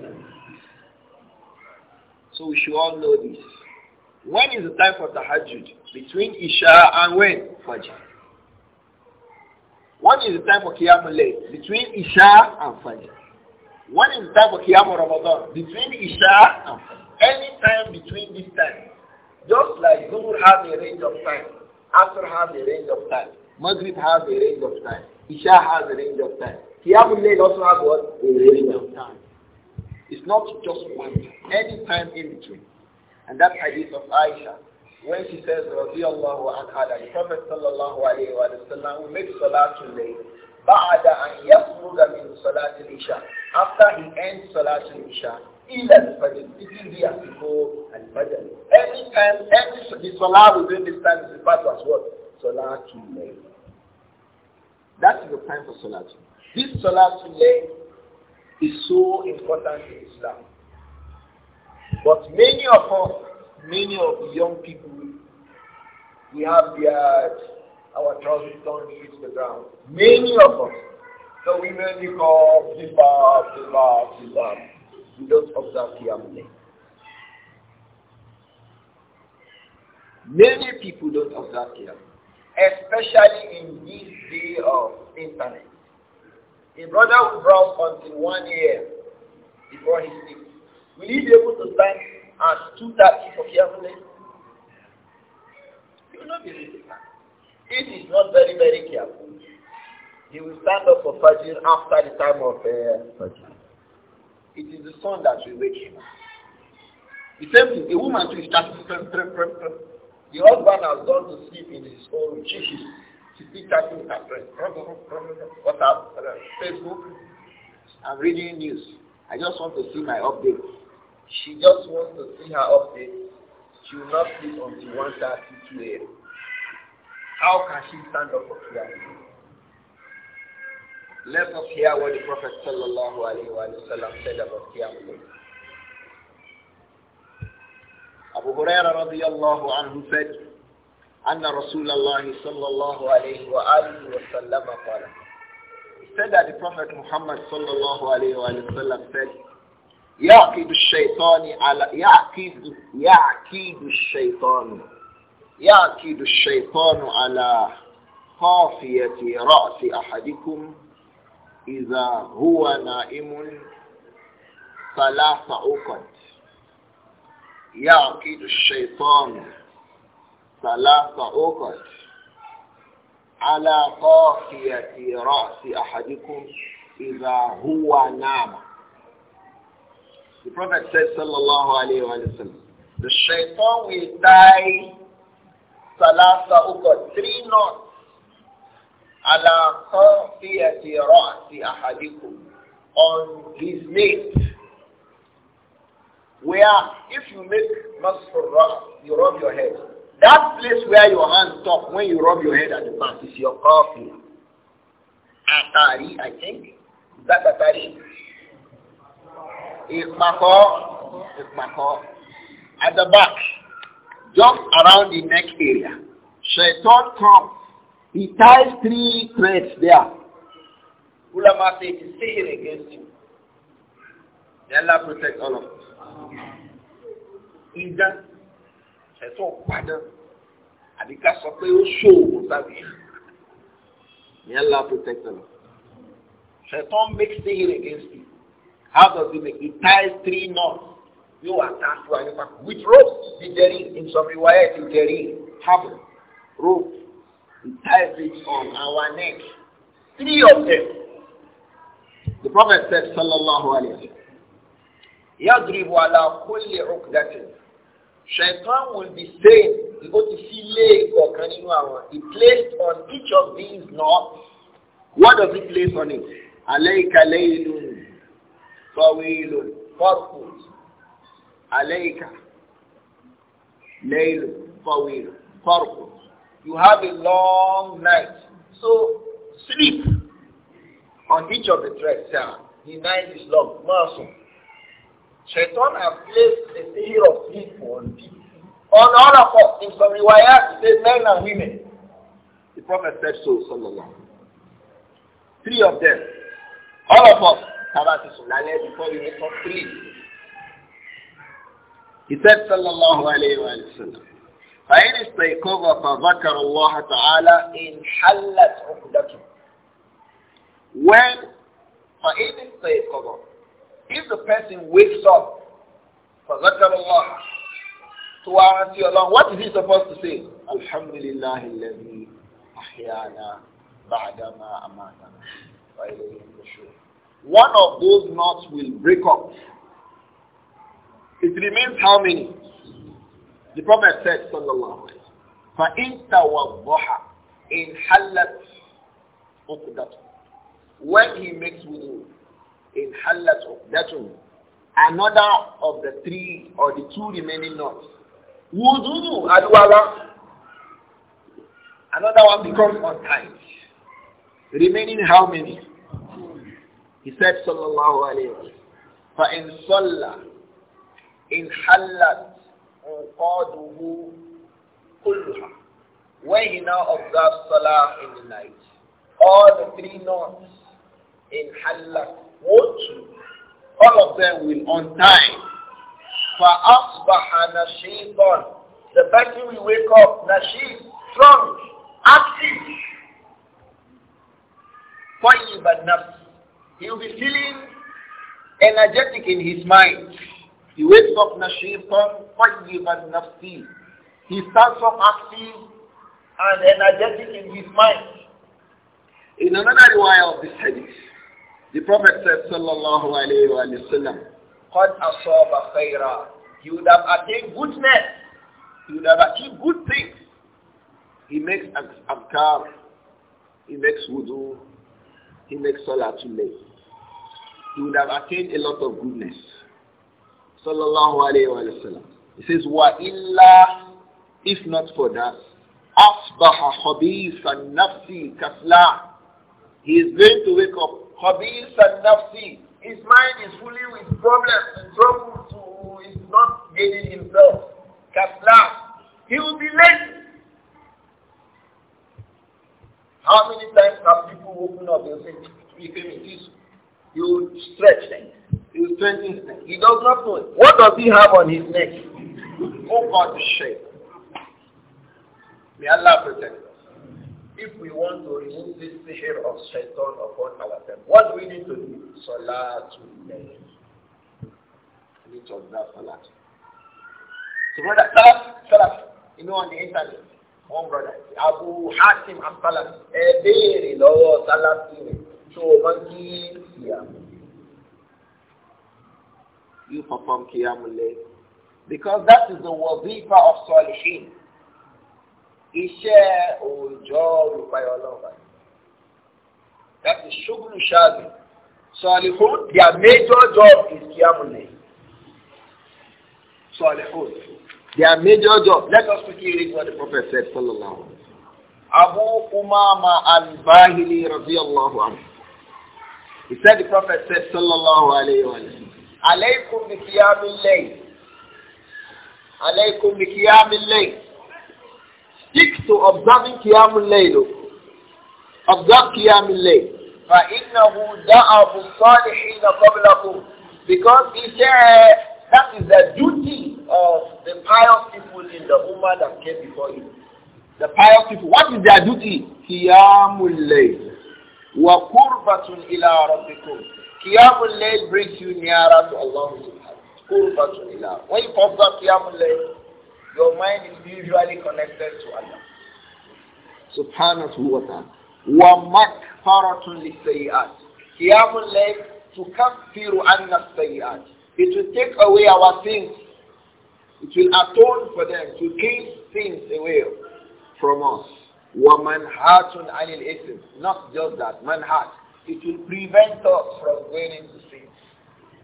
so we should all know this. When is the time for tahajjud? Between Isha and when? Fajr. One is the time for Qiyamul Layl? Between Isha and Fajr. One is the time for Qiyamul Ramadan? Between Isha and Fajr. Any time between this time. Just like Zuhur has a range of time. Asr has a range of time. Maghrib has a range of time. Isha has a range of time. Qiyamul Layl also has what? A range of time. It's not just one. Any time in between. And that hadith of Aisha when she says, Radiallahu anha, that the Prophet sallallahu alayhi wa sallam will make salatul layl, بعد أن يخرج من صلاة العشاء after he ends صلاة العشاء إلى الفجر it is there before الفجر any time any the salah within this time is referred to as what صلاة الليل that is the time for salah this صلاة الليل is so important in Islam but many of us many of the young people, we have beards, our trousers don't reach the ground. Many of us. So we merely call bar, Zibab, bar. We don't observe Qiyamulay. Many people don't observe Qiyam, especially in this day of internet. A brother will browse until 1 year before he sleep, Will he be able to stand and stood that for carefully, you will not be received. If he's not very, very careful, he will stand up for Fajr after the time of uh, Fajr. It is the sun that will wake him. The same thing, a woman will start trim, trim, trim, trim. The husband has gone to sleep in his own chichi. She still chatting her friend. up? Facebook. I'm reading news. I just want to see my updates. She just wants to see her update. She will not sleep until one thirty-two a.m. How can she stand up for prayer? Let us hear what the Prophet sallallahu wa sallam said about Abu Huraira radiyallahu anhu said, أن رسول الله صلى الله عليه وآله وسلم قال He said that the Prophet Muhammad sallallahu said, يعقد الشيطان على يعقد يعقد الشيطان يعقد الشيطان على خافية رأس أحدكم إذا هو نائم ثلاث عقد يعقد الشيطان ثلاث عقد على قافية رأس أحدكم إذا هو نام The Prophet said, sallallahu alayhi wa sallam, the shaitan will tie salasa ukot, three knots, ala khafiyati ra'si ahadikum, on his neck, Where, if you make masfur ra's, you rub your head. That place where your hands stop when you rub your head at the back is your coffee. Atari, I think. Is that Atari? my Ikmako, at the back, just around the neck area. Shaitan comes. He ties three threads there. Ulama say it is saying against you. May Allah protect all of us. Either Shaitan pardon, And ká sọ pé ó ṣòwò May Allah protect all of us. Shaitan makes sin against you. How does he make? He ties three knots. You are attached to animal. With ropes, Jerry in some the Jerry have rope. He ties it on our neck. Three of them. The Prophet said, sallallahu alayhi يضرب على كل عقدة Shaitan will be saying, you go to see leg or kaninuawa. He placed on each of these knots. What does he place on it? عليك ليل طويل فرقد عليك ليل طويل فرقد You have a long night. So sleep on each of the threads. Yeah. The night is long. Mercy. Shaitan has placed the fear of sleep on people. On all of us, in some riwayat, it says, men and women. The Prophet said so, sallallahu Three of them. All of us before up He said sallallahu alayhi wa sallam. فإن استيقظ فذكر الله تعالى انحلت When فإن استيقظ if the person wakes up فذكر الله to warranty Allah what is he supposed to say? الحمد لله الذي أحيانا بعدما أماتنا وإليه النشور one of those knots will break off. It remains how many? The Prophet said, sallallahu alayhi wa sallam, in halat When he makes wudu, in halat uqdatun, another of the three or the two remaining knots. Wudu adwala, another one becomes untied. Remaining how many? He said, sallallahu alayhi wa sallam, فَإِنْ صَلَّى إِنْ حَلَّتْ عُقَادُهُ كُلُّهَا When he now observes salah in the night, all the three knots in halak, wotu, all of them will on time. فَأَصْبَحَ نَشِيطًا The person will wake up, nasheed, strong, active, طيب النفس He'll be feeling energetic in his mind. He wakes up nashiqan tayyiban nafsi. He starts up active and energetic in his mind. In another way of this hadith, the Prophet said, sallallahu alayhi wa, "Qad wa sallam, He would have attained goodness. He would have achieved good things. He makes adhkar. He makes wudu. He makes salatul layl he would have attained a lot of goodness. Sallallahu alayhi wa sallam. He says, Wa illa, if not for that, asbaha and nafsi kasla. He is going to wake up and nafsi. His mind is fully with problems and troubles. He is not gaining himself. Kasla. He will be late. How many times have people woken up and said, "We came in stretch them. He will strengthen He does not know. What does he have on his neck? Oh God, shape. May Allah protect us. If we want to remove this fear of shaitan upon our ourselves, what do we need to do? to Layl. We need to observe Salah. So brother, Salat, Salat. You know on the internet, one brother, Abu Hatim As-Salat, a very low Salat So monkey, yeah you perform Qiyamul Layl. Because that is the wazifa of Salihin. Isha ul òòjọ́ olùpayọ̀ ọlọ́ọ̀bà. That is Shuglu Shadi. Salihun, their major job is Qiyamul Layl. Salihun. Their major job. Let us quickly read what the Prophet said, sallallahu alayhi Abu Umama al-Bahili radiyallahu anhu. He said the Prophet said, sallallahu alayhi wa sallam, alaykum bi qiyamil layl alaykum bi qiyamil layl stick to observing qiyamul layl observe qiyamul layl fa innahu da'abu salihin qablakum because he said that is the duty of the pious people in the ummah that came before you the pious people what is their duty qiyamul layl wa qurbatun ila rabbikum Qiyamul Layl brings you nearer to Allah subhanahu wa When you perform Qiyamul Layl, your mind is usually connected to Allah. Subhanahu wa ta'ala. Wa وَمَكْفَرَةٌ لِلسَّيِّئَاتِ قِيَامُ to تُكَفِّرُ عَنَّا السَّيِّئَاتِ It will take away our sins. It will atone for them, to keep sins away from us. Wa وَمَنْهَاتٌ عَنِ الْإِثْمِ Not just that, manhat it will prevent us from going into sin.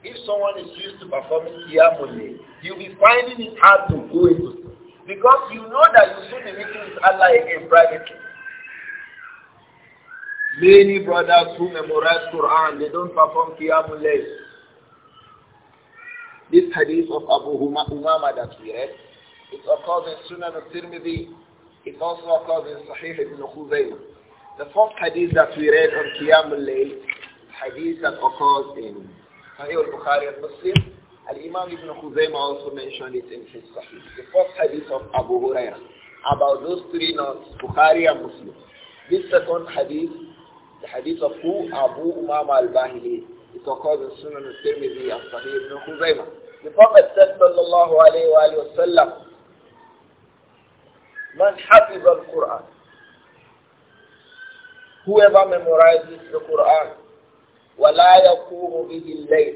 If someone is used to performing Qiyamul you'll be finding it hard to go into sin. Because you know that you should be meeting with Allah again privately. Many brothers who memorize Quran, they don't perform qiyamulay. This hadith of Abu Umama that we read, it occurs in Sunan al-Tirmidhi, it also occurs in Sahih ibn Khuzaymah. The first hadith that we read on Qiyam al-Layl, hadith that occurs in Sahih al-Bukhari and Muslim, Al-Imam Ibn Khuzaymah also mentioned it in his Sahih. The first hadith of Abu Hurayrah about those three notes, Bukhari and Muslim. This second hadith, the hadith of who? Abu Umama al-Bahili. It occurs in Sunan al-Tirmidhi and Sahih Ibn Khuzaymah. The Prophet said sallallahu alayhi wa sallam, من حفظ القرآن Whoever memorizes the Quran, وَلَا يَقُومُ بِهِ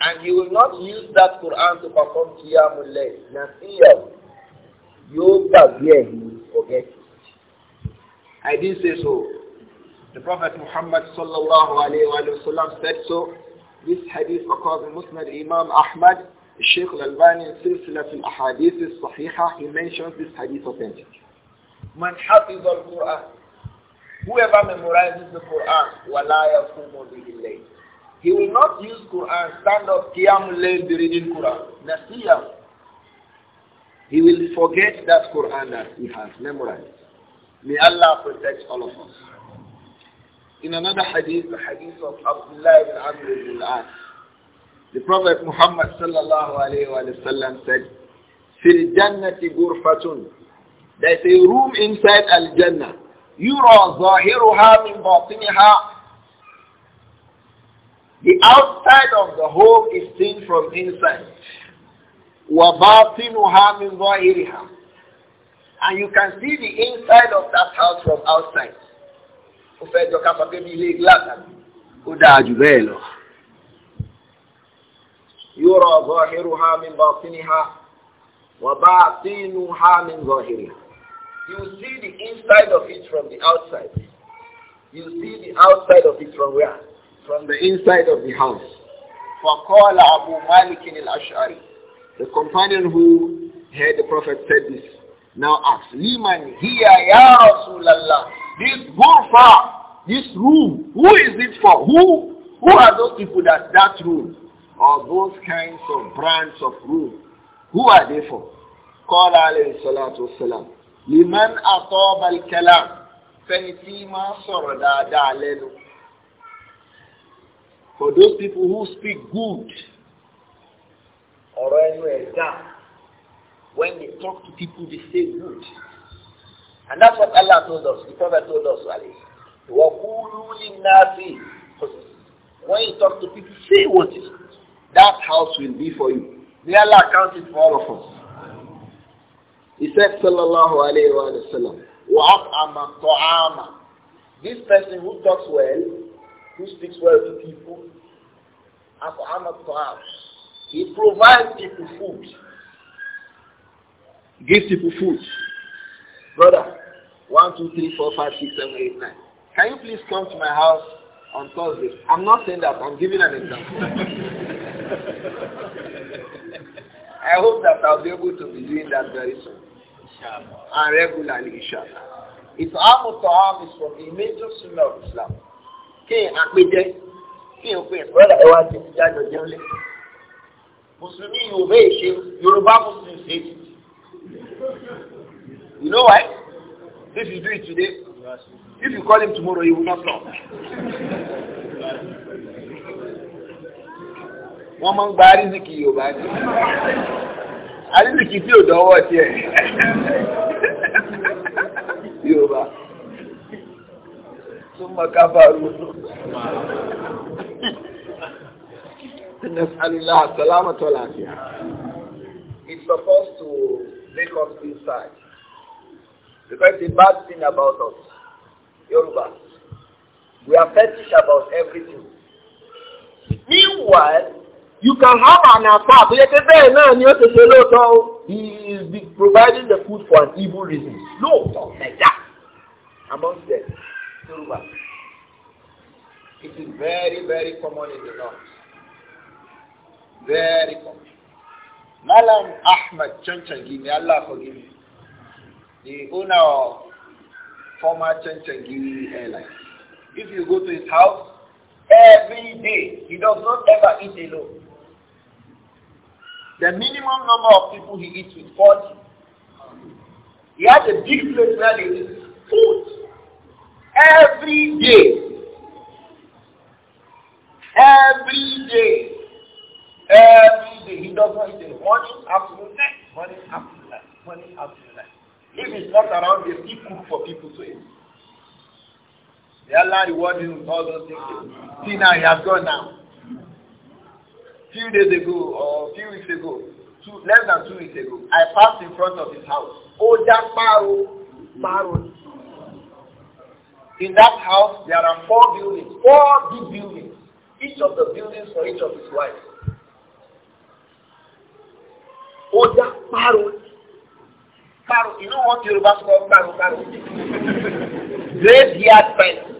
And he will not use that Quran to perform Qiyamul Layl. You will forget it. I didn't say so. The Prophet Muhammad sallallahu alayhi wa sallam said so. This hadith occurs in Muslim Imam Ahmad. Sheikh Al-Albani in Silsilat Al-Ahadith Al-Sahihah, he mentions this hadith authentic. Man hafiz al-Qur'an Whoever memorizes the Quran, Walaya يَقُومُ بِهِ He will not use Quran, stand up, قِيَامُ اللَّيْلِ, be reading Quran. Nasiyam. He will forget that Quran that he has memorized. May Allah protect all of us. In another hadith, the hadith of Abdullah ibn Amr ibn al-As, the Prophet Muhammad sallallahu alayhi wa sallam said, فِي الْجَنَّةِ غُرْفَةٌ There is a room inside Al-Jannah. يُرَى ظَاهِرُهَا مِنْ بَاطِنِهَا The outside of the home is seen from inside. وَبَاطِنُهَا مِنْ ظَاهِرِهَا And you can see the inside of that house from outside. ó fẹ́ jọ ká ó you see the inside of it from the outside. You see the outside of it from where? From the inside of the house. فَقَالَ أَبُو مَالِكٍ الْأَشْعَرِ The companion who heard the Prophet said this now asks, لِمَنْ هِيَ يَا رَسُولَ اللَّهِ This ghurfa, this room, who is it for? Who, who are those people that that room? Or those kinds of brands of room? Who are they for? قال عليه الصلاة والسلام liman kalam fẹ́ni tí sọ̀rọ̀ dáadáa lẹ́nu for those people who speak good ọ̀rọ̀ ẹnu ẹ̀ when they talk to people they say good and that's what Allah told us the prophet told us alayhi wa qulu when you talk to people say what is that house will be for you may Allah count it for all of us. He said, sallallahu alayhi wa sallam, وَأَطْعَمَ This person who talks well, who speaks well to people, أَطْعَمَ طَعَامًا He provides people food. Gives people food. Brother, one, two, three, four, five, six, seven, eight, nine. Can you please come to my house on Thursday? I'm not saying that. I'm giving an example. I hope that I'll be able to be doing that very soon. and regularly, inshallah. If Amu Ta'am is from a major sunnah of Islam, kí àpéjẹ, kí n pè fọ́lá ẹwà tí ti jáde ọjọ́ lé. Mùsùlùmí Yorùbá èṣe, Yorùbá Muslims hate it. You know why? If you do it today, if you call him tomorrow, he will not come. Wọ́n máa ń gba arísìkì Yorùbá àríkì tí ò dánwọ́ tí ẹ̀ yóòbá tó mọ́ kábàrú nas'alillah salamata wa lafiya it's supposed to make us inside because the bad thing about us Yoruba we are fetish about everything meanwhile you can have an afa he is providing the food for an evil reason No, lóòótọ́ nàìjà among them yorùbá it is very very common in the north very common malam ahmed Chanchangi, may allah forgive me. the owner of former Chanchangi airline if you go to his house every day he does not ever eat alone the minimum number of people he eats with 40. He has a big plate where he eats food every day. Every day. Every day. He does not eat in morning, afternoon, night. Morning, afternoon, night. Morning, afternoon, night. If not around, they still cook for people to eat. They Allah reward him with all those things. See now, he has gone now few days ago or a few weeks ago, two, less than two weeks ago, I passed in front of his house. Oja Paro. Paro. In that house, there are four buildings, four big buildings, each of the buildings for each of his wives. Oja Paro. Paro. You know what Yoruba call Paro Paro? Graveyard fence.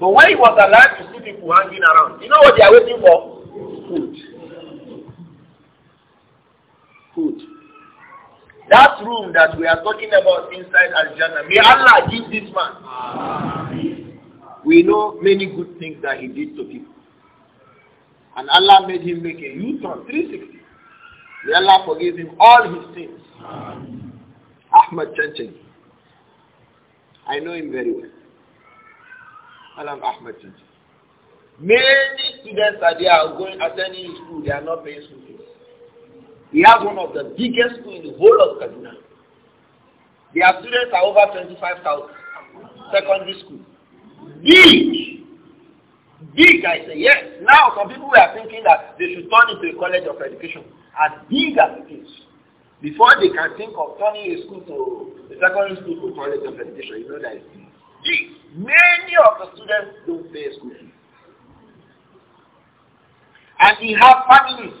But when he was alive, you see people hanging around. You know what they are waiting for? Good, good. That room that we are talking about inside Al may Allah give this man. We know many good things that he did to people. And Allah made him make a U-turn, 360. May Allah forgive him all his sins. Ahmad Chanchani. I know him very well. Alam Ahmad Chanchani. Many students are there are going attending school, they are not paying school fees. We have one of the biggest schools in the whole of Kaduna. Their students are over 25,000. Secondary school. Big! Big, I say, yes. Now some people were thinking that they should turn into a college of education. As big as it is. Before they can think of turning a school to a secondary school to college of education, you know that it's big. Many of the students don't pay school fees. And he has families.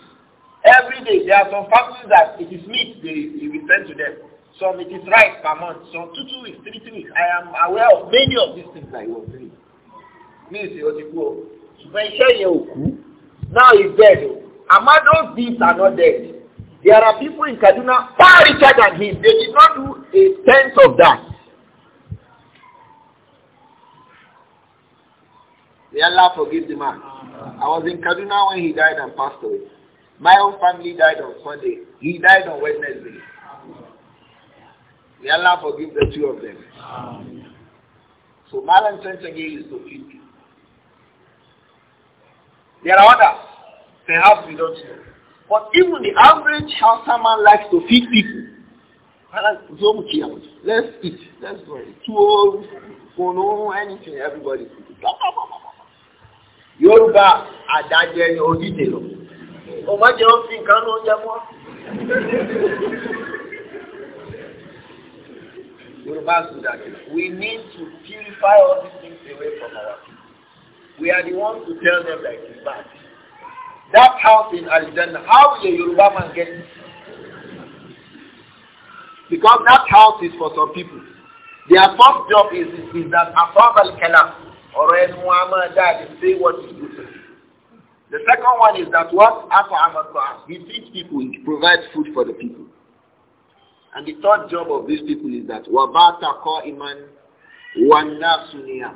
Every day there are some families that it is meat they, they return to them. Some it is rice per month. Some two two weeks, three three weeks. I am aware of many of these things that he was doing. Ní ìsìn ọtí kú o. Ṣùgbọ́n iṣẹ́ yẹn ò kú. Now he is dead o. Amado's deeds are not dead. There are people in Kaduna far richer than him. They did not do a tenth of that. May Allah forgive the man. I was in Kaduna when he died and passed away. My own family died on Sunday. He died on Wednesday. May Allah forgive the two of them. Amen. So Malam Sensenge is feed you. There are others. Perhaps we don't know. But even the average Hausa man likes to feed people. Let's eat. Let's go. phone, anything, everybody. yóò gba àdájẹ onídè lọ. Òmọ́jẹ́ ó fi nǹkan ní oúnjẹ mọ́. Yorùbá Sudan, we need to purify all these things away from our people. We are the ones who tell them like it's bad. That house in Alexander, how will a Yoruba man get it? Because that house is for some people. Their first job is, is, is that Afab al-Kalam, say what is good The second one is that what after Amakoa, he feeds people, he provides food for the people. And the third job of these people is that Wabata Ko Iman want Sunia.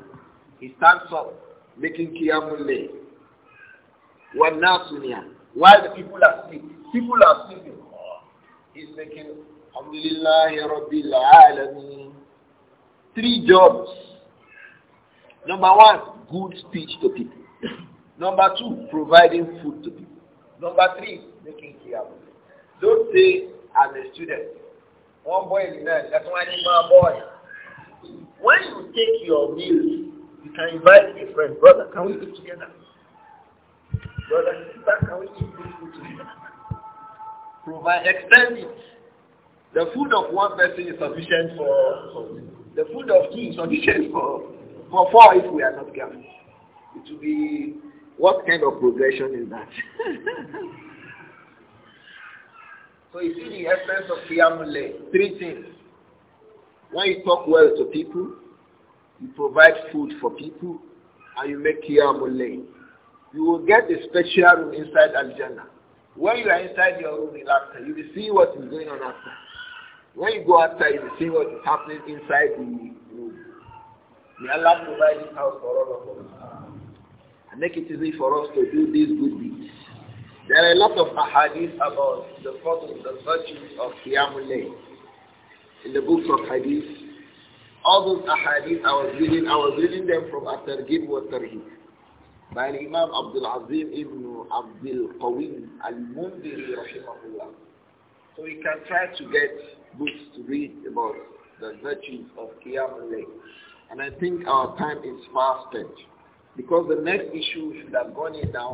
He stands up making Kiyamule. want Sunia. While the people are sleeping. People are sleeping. He's making Alhamdulillah Rabbil Alameen. Three jobs. Number one, good speech to people. Number two, providing food to people. Number three, making care Don't say, as a student, one boy is there. that's why i need my boy. When you take your meals, you can invite a friend, brother, can we eat together? Brother, sister, can we eat this food together? Provide, extend it. The food of one person is sufficient for, the food of two is sufficient for for four if we are not careful. It will be what kind of progression is that? so you see the essence of Qiyamule, three things. When you talk well to people, you provide food for people, and you make Qiyamule. You will get a special room inside Aljana. When you are inside your room in after, you will see what is going on after. When you go outside, you will see what is happening inside the May Allah provide this house for all of us. And make it easy for us to do these good deeds. There are a lot of ahadith about the fadl, the virtues of Qiyamul Layl in the books of hadith. All those ahadith I was reading, I was reading them from At-Targhib wa by Imam Abdul Azim ibn Abdul Qawim Al-Mundiri rahimahullah. So we can try to get books to read about the virtues of Qiyamul Layl. And I think our time is far spent. Because the next issue should have gone in now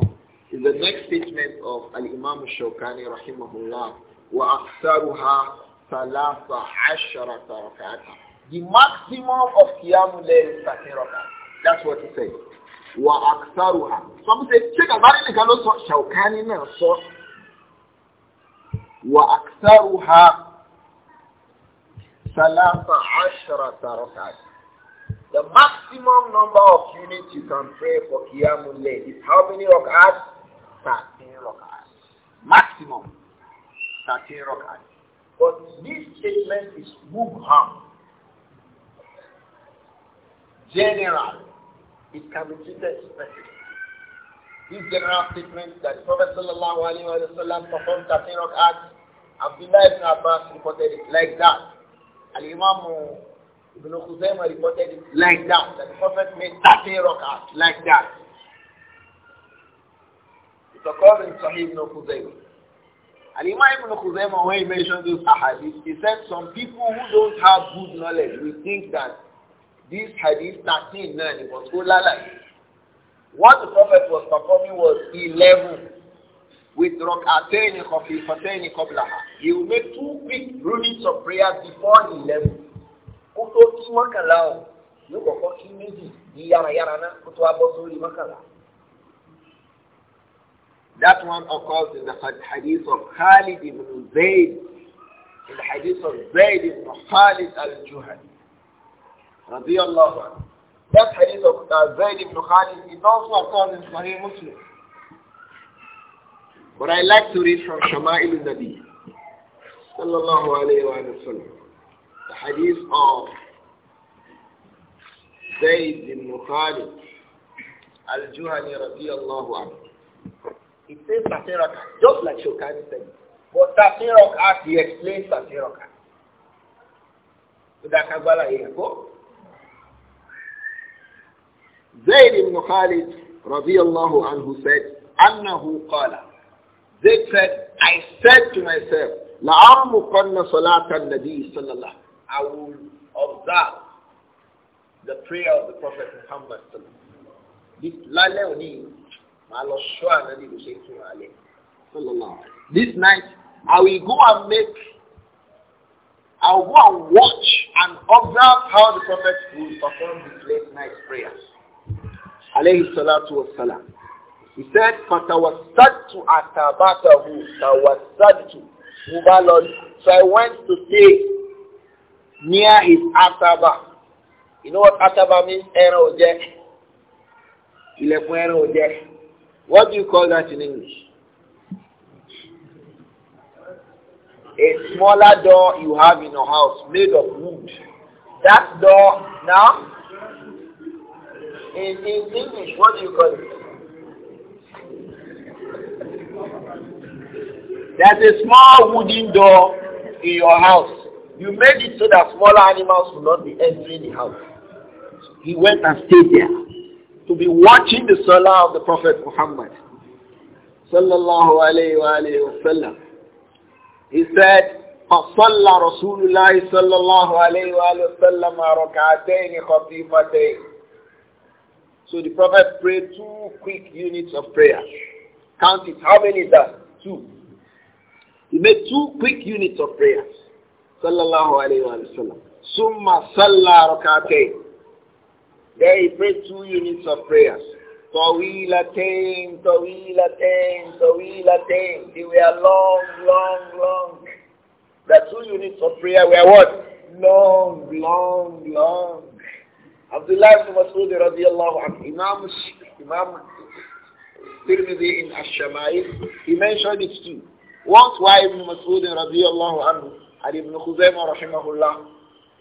is the next statement of Al-Imam Shawkani rahimahullah. وَأَكْثَرُهَا ثَلَاثَ عَشَرَةَ رَكَعَةً The maximum of Qiyamul Layl is 30 That's what he said. وَأَكْثَرُهَا Some say, check out, marry the galo so Shawkani na so. وَأَكْثَرُهَا ثَلَاثَ عَشَرَةَ رَكَعَةً the maximum number of units you can pray for Qiyamul is how many rakats? 13 rakats. Maximum. 13 rakats. But this statement is mubham. General. It can be treated specifically. This general statement that Prophet sallallahu alayhi wa sallam performed 13 rakats, Abdullah ibn Abbas reported it like that. Al-Imam Ibn Khuzaimah reported it like that, that the Prophet made 30 rak'ahs, like that. It's occurred in Sahih Ibn Khuzaimah. And Imam Ibn Khuzaimah, when he mentioned those hadith, he said some people who don't have good knowledge will think that this hadith 13, man, it was ulala. What the Prophet was performing was 11 with rock art. He will make two quick rulings of prayer before 11 o yóò kọ́kọ́ kí méjì ní náà sórí That one occurs in the hadith of Khalid ibn Zayd, in the hadith of Zayd ibn Khalid al-Juhani, الله عنه. That hadith of uh, Zayd ibn Khalid is also occurs in Sahih Muslim. But I like to read from Shama'il al-Nabi, sallallahu alayhi wa sallam the hadith of Zayd ibn Khalid al-Juhani radiallahu anhu. He says Satiraka, just like Shokani said. But Satiraka, he explains Satiraka. Udakagbala Iyako. Zayd ibn Khalid radiallahu anhu said, أنه قال They said, I said to myself, لأعمقن صلاة النبي صلى الله عليه وسلم I will observe the prayer of the Prophet Muhammad. Lálẹ́ òní, This night, I will go and make, I will go and watch and observe how the Prophet will perform his late night prayers. Alayhi salatu wa salam. He said, Fatawasadtu atabatahu, tawasadtu. So I went to say, near his ataba. You know what ataba means? Ẹran òjẹ́. Ilẹ̀kùn What do you call that in English? A smaller door you have in your house made of wood. That door now, in, in English, what do you call it? There's a small wooden door in your house. You made it so that smaller animals will not be entering the house. So he went and stayed there to be watching the salah of the Prophet Muhammad. Sallallahu alayhi wa sallam. He said, فصلى رسول الله صلى الله عليه وآله وسلم ركعتين خفيفتين So the Prophet prayed two quick units of prayer. Count it. How many is that? Two. He made two quick units of prayers sallallahu alayhi wa sallam. Summa salla rak'atayn. Then he prayed two units of prayers. Tawilatain, tawilatain, tawilatain. They were long, long, long. The two units of prayer were what? Long, long, long. Abdullah ibn Masud radiallahu anhu, Imam, Imam Tirmidhi in Ash-Shama'il, he mentioned it too. Once why Ibn Masud radiallahu anhu Ali Ibn Khuzaymah rahimahullah,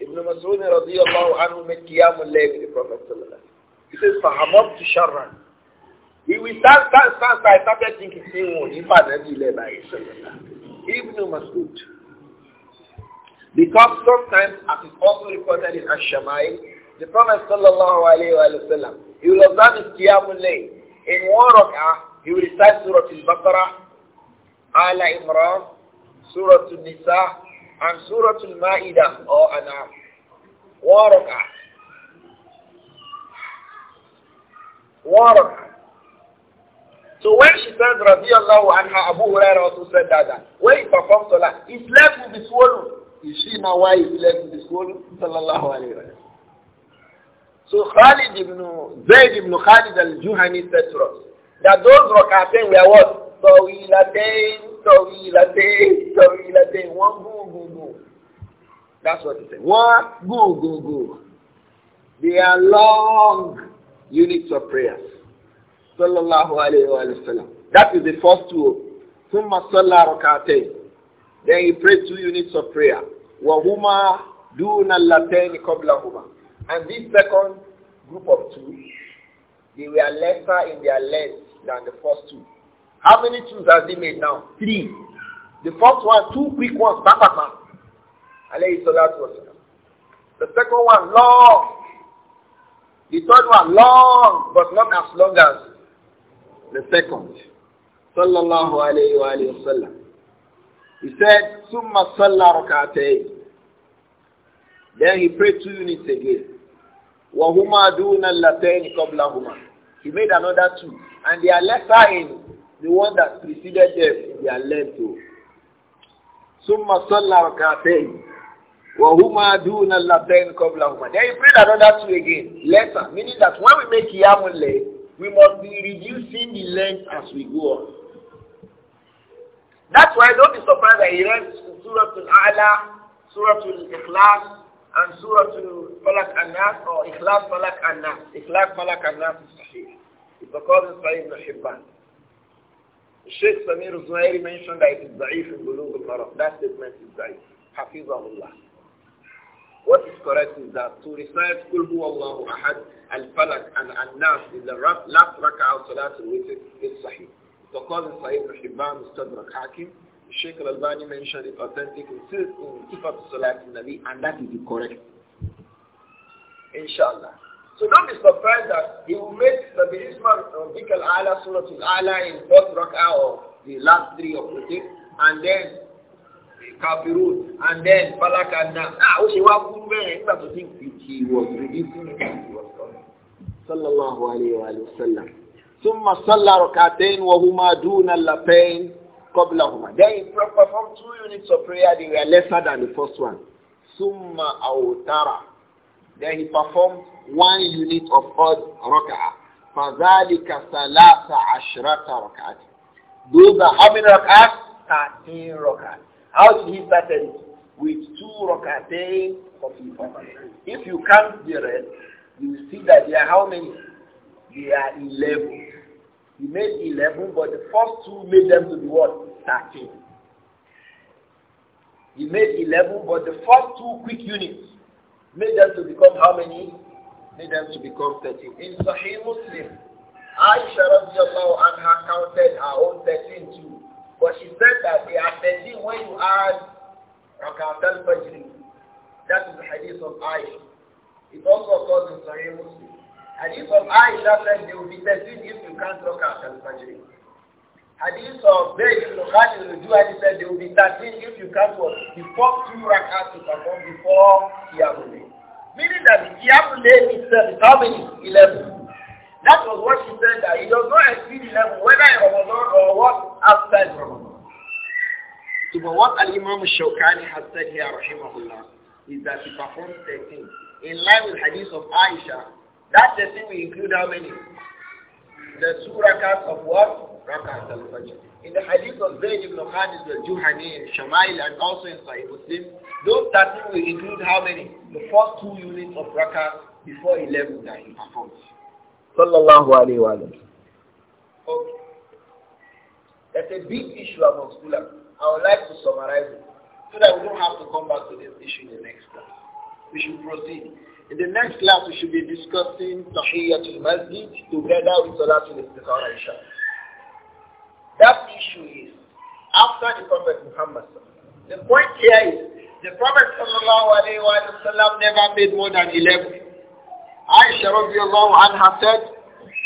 Ibn Mas'ud radiyallahu anhu made qiyamul layl with the Prophet sallallahu He says, فَحَمَبْتُ شَرًّا he will stand, stand, stand, I started thinking, oh, if I never lay by Ibn Mas'ud. Because sometimes, as is also reported in Ash-Shamai, the Prophet sallallahu alayhi wa sallam, he will observe his qiyamul layl. In one rak'ah, he will recite Surah Al-Baqarah, Ala Imran, Surah Al-Nisa, and Surah Al-Ma'idah or Anam. One rak'ah. So when she said radiallahu anha, Abu Huraira also said that, that when he performed salah, his leg will be swollen. You see now why his leg will be swollen? Sallallahu alayhi wa sallam. So Khalid ibn Zayd ibn Khalid al-Juhani said to us that those rakatain were what? So we latain tọ̀wìlàtẹ́ tọ̀wìlàtẹ́ wọ́n gúngùngù. That's what it says. Wọ́n gúngùngù. They are long units of prayers. Sallallahu alayhi wa sallam. That is the first two. Thumma salla rak'atayn. Then he prayed two units of prayer. Wa duna latayn qabla And this second group of two, they were lesser in their length than the first two. How many twos has he made now? Three. The first one, two quick ones, back. Alayhi salatu wasalam. The second one, long. The third one, long, but not as long as the second. Sallallahu alayhi wa alayhi wa sallam. He said, Summa salla Then he prayed two units again. Wahuma duna latayn qablahuma. He made another two. And they are lesser in the one that preceded them in their length. ثم صلى ركعتين وهما دون اللتين قبلهما. Then he prayed another two again, lesser, meaning that when we make lay we must be reducing the length as we go on. That's why don't be surprised that he read Surah Al-A'la, Surah Al-Ikhlas, and Surah Al-Falak An-Nas, or Ikhlas Falak An-Nas. Ikhlas Falak An-Nas is Sahih. It's because it's Sahih Ibn Hibban. Sheikh Samir Zuhairi mentioned that it is Za'if in Bulugh al-Maram. That statement is Za'if. Hafizahullah. What is correct is that to recite Kul Allahu Ahad, Al-Falak, and Al-Nas in the last rak'ah of Salat al-Witr is Sahih. It occurs in Sahih al-Hibban, Mustadrak Hakim. Sheikh al-Albani mentioned it authentic in Sifat Salat al-Nabi, and that is correct. Inshallah. So don't be surprised that he will make the Ismail uh, Bikal Ala Surah Al-Ala in fourth rak'ah or the last three of the day, and then Kafirun, and then Falak and Nas. Ah, Oṣe wa kú you have tó think ń fi kí wọ́n rí sallallahu alayhi wa sallam. ثم صلى ركعتين وهما دون اللتين قبلهما. Then he performed two units of prayer, they were lesser than the first one. ثم أوتر then he performed one unit of odd rak'ah. فَذَلِكَ ثَلَاثَ عَشْرَةَ رَكْعَةٍ Those are how many rak'ahs? 13 rak'ahs. How did he start it? With two rak'atain of If you count the rest, you see that there are how many? There are 11. He made 11, but the first two made them to be what? 13. He made 11, but the first two quick units Made them to become how many? Made them to become 13. In Sahih Muslim, Aisha radiallahu anha counted her own 13 too. But she said that they are 13 when you add Rakat al-Fajr. is the hadith of Aisha. It also occurs in Sahih Muslim. And if of Aisha said they will be 13 if you can't Rakat al hadith of Zayd ibn Khalid al-Juhani said there will be 13 if you count what the first two rakats to perform before Qiyamul Meaning that the Qiyamul itself is how many? 11. That was what she said that he does not exceed 11 whether in Ramadan or what outside Ramadan. So but what Al-Imam Shawkani has said here, rahimahullah, is that he performs 13. In line with hadith of Aisha, that 13 will include how many? The two rakats of what? In the hadith of Zayd ibn Khalid al-Juhani, Shamail, and also in Sahih Muslim, those that will include how many? The first two units of Rakat before 11 that he performs. Sallallahu alayhi wa Okay. That's a big issue among scholars. I would like to summarize it so that we don't have to come back to this issue in the next class. We should proceed. In the next class, we should be discussing Tahiyyatul Masjid together with Salatul Istikhara, inshallah. That issue is after the Prophet Muhammad. The point here is the Prophet wasallam never made more than 11. Aisha radiallahu anha said,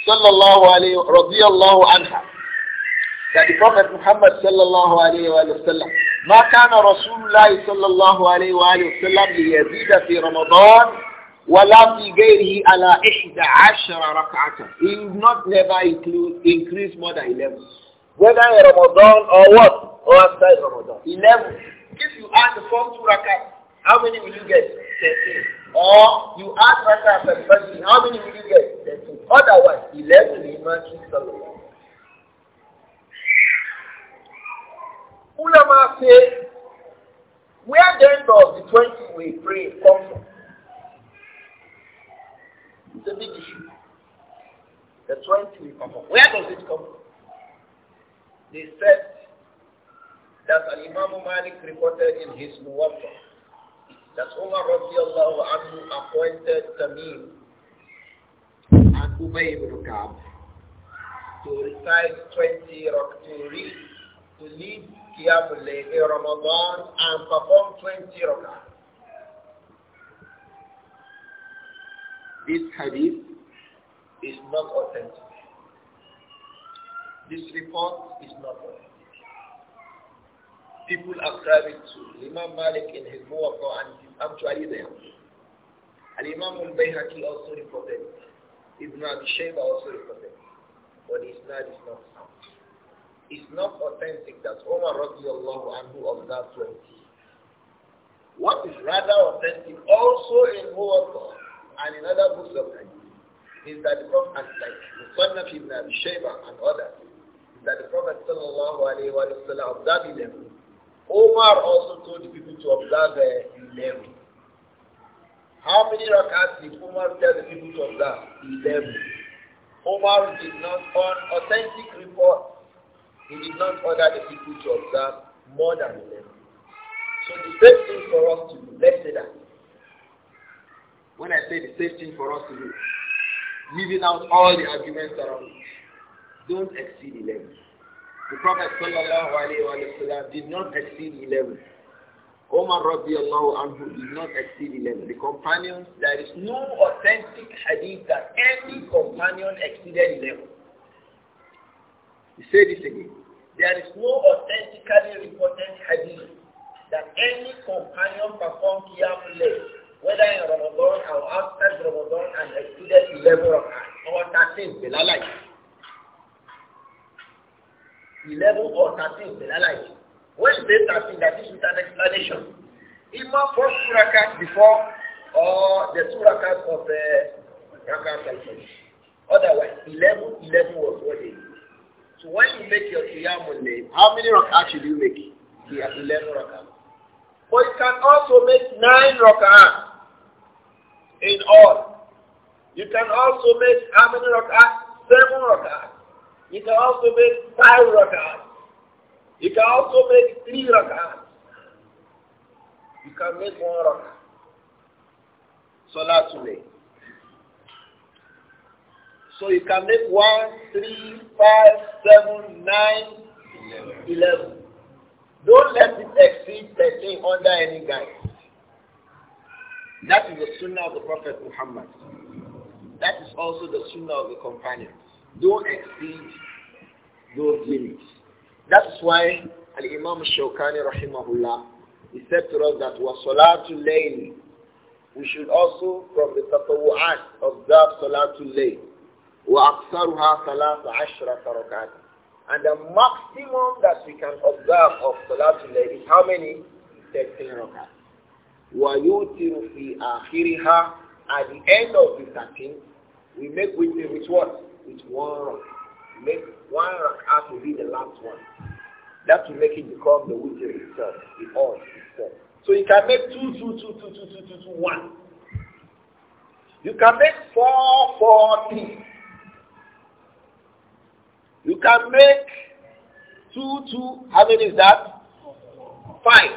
sallallahu alayhi radiallahu anha, that the Prophet Muhammad sallallahu alayhi wa sallam, ما كان رسول الله صلى الله عليه وآله وسلم ليزيد في رمضان ولا في غيره على إحدى عشر ركعة. He would not never include, increase more than 11. Whether in Ramadan or what? Or outside Ramadan. 11. If you add the first two rakats, how many will you get? 13. Or you add rakats and fasting, how many will you get? 13. Otherwise, 11 is matching Salah. Ulama say, where the end of the 20 we pray comes from. It's a big issue. The 20 we perform. Where does it come from? They said that an Imam Malik reported in his Muwatta that Umar radiallahu anhu appointed Tamim and Ubay ibn Ka'b to recite 20 rak to lead to lead Qiyamul in Ramadan and perform 20 rakat. This hadith is not authentic. This report is not valid. People are driving to Imam Malik in his Muwatta and he's actually there. And Imam al-Bayhaqi also reported Ibn Abi Shayba also reported But not is not sound. It's not authentic that Omar radiallahu anhu that 20. What is rather authentic also in Muwatta and in other books of Hadith is that the Prophet like Musannaf ibn Abi Shayba and others that the Prophet وسلم, observed them. Omar also told the people to observe uh, 11. How many rakats did Omar tell the people to observe? 11. Omar did not, on authentic report, he did not order the people to observe more than 11. So the safe thing for us to do, let's say that. When I say the safe thing for us to do, leaving out all the arguments around don't exceed 11. The Prophet وسلم, did not exceed 11. Omar radiallahu anhu did not exceed 11. The companions, there is no authentic hadith that any companion exceeded 11. He said this again. There is no authentically reported hadith that any companion performed Qiyam whether in Ramadan or outside Ramadan and exceeded 11 or 13, like. 11 or 13 Belalight. When start in that this is an explanation. Imam first two rakat before or the two rakat of the uh, rakat al Otherwise, 11, was what they So when you make your qiyamul how many rakat should you make? You have 11 rakat. But you can also make 9 rakat in all. You can also make how many rakat? 7 rakat. You can also make five rakats. You can also make three rakats. You can make one So that's late. So you can make one, three, five, seven, nine, eleven. eleven. Don't let it exceed 13 under any guise. That is the sunnah of the Prophet Muhammad. That is also the sunnah of the companions. Don't exceed those limits. That's why Al-Imam Shawkani rahimahullah, he said to us that was salatul layl. We should also, from the tatawu'at, observe salatul layl. وَأَقْصَرُهَا ثَلَاثَ عَشْرَةَ رَكَاتٍ And the maximum that we can observe of salatul layl is how many? 13 rakat. وَيُوتِرُ فِي آخِرِهَا At the end of the 13, we make the with what? with one Make one rak'ah to be the last one. That will make it become the witr itself, the odd itself. So you can make two, two, two, two, two, two, two, two, one. You can make four, four, three. You can make two, two, how many is that? Five.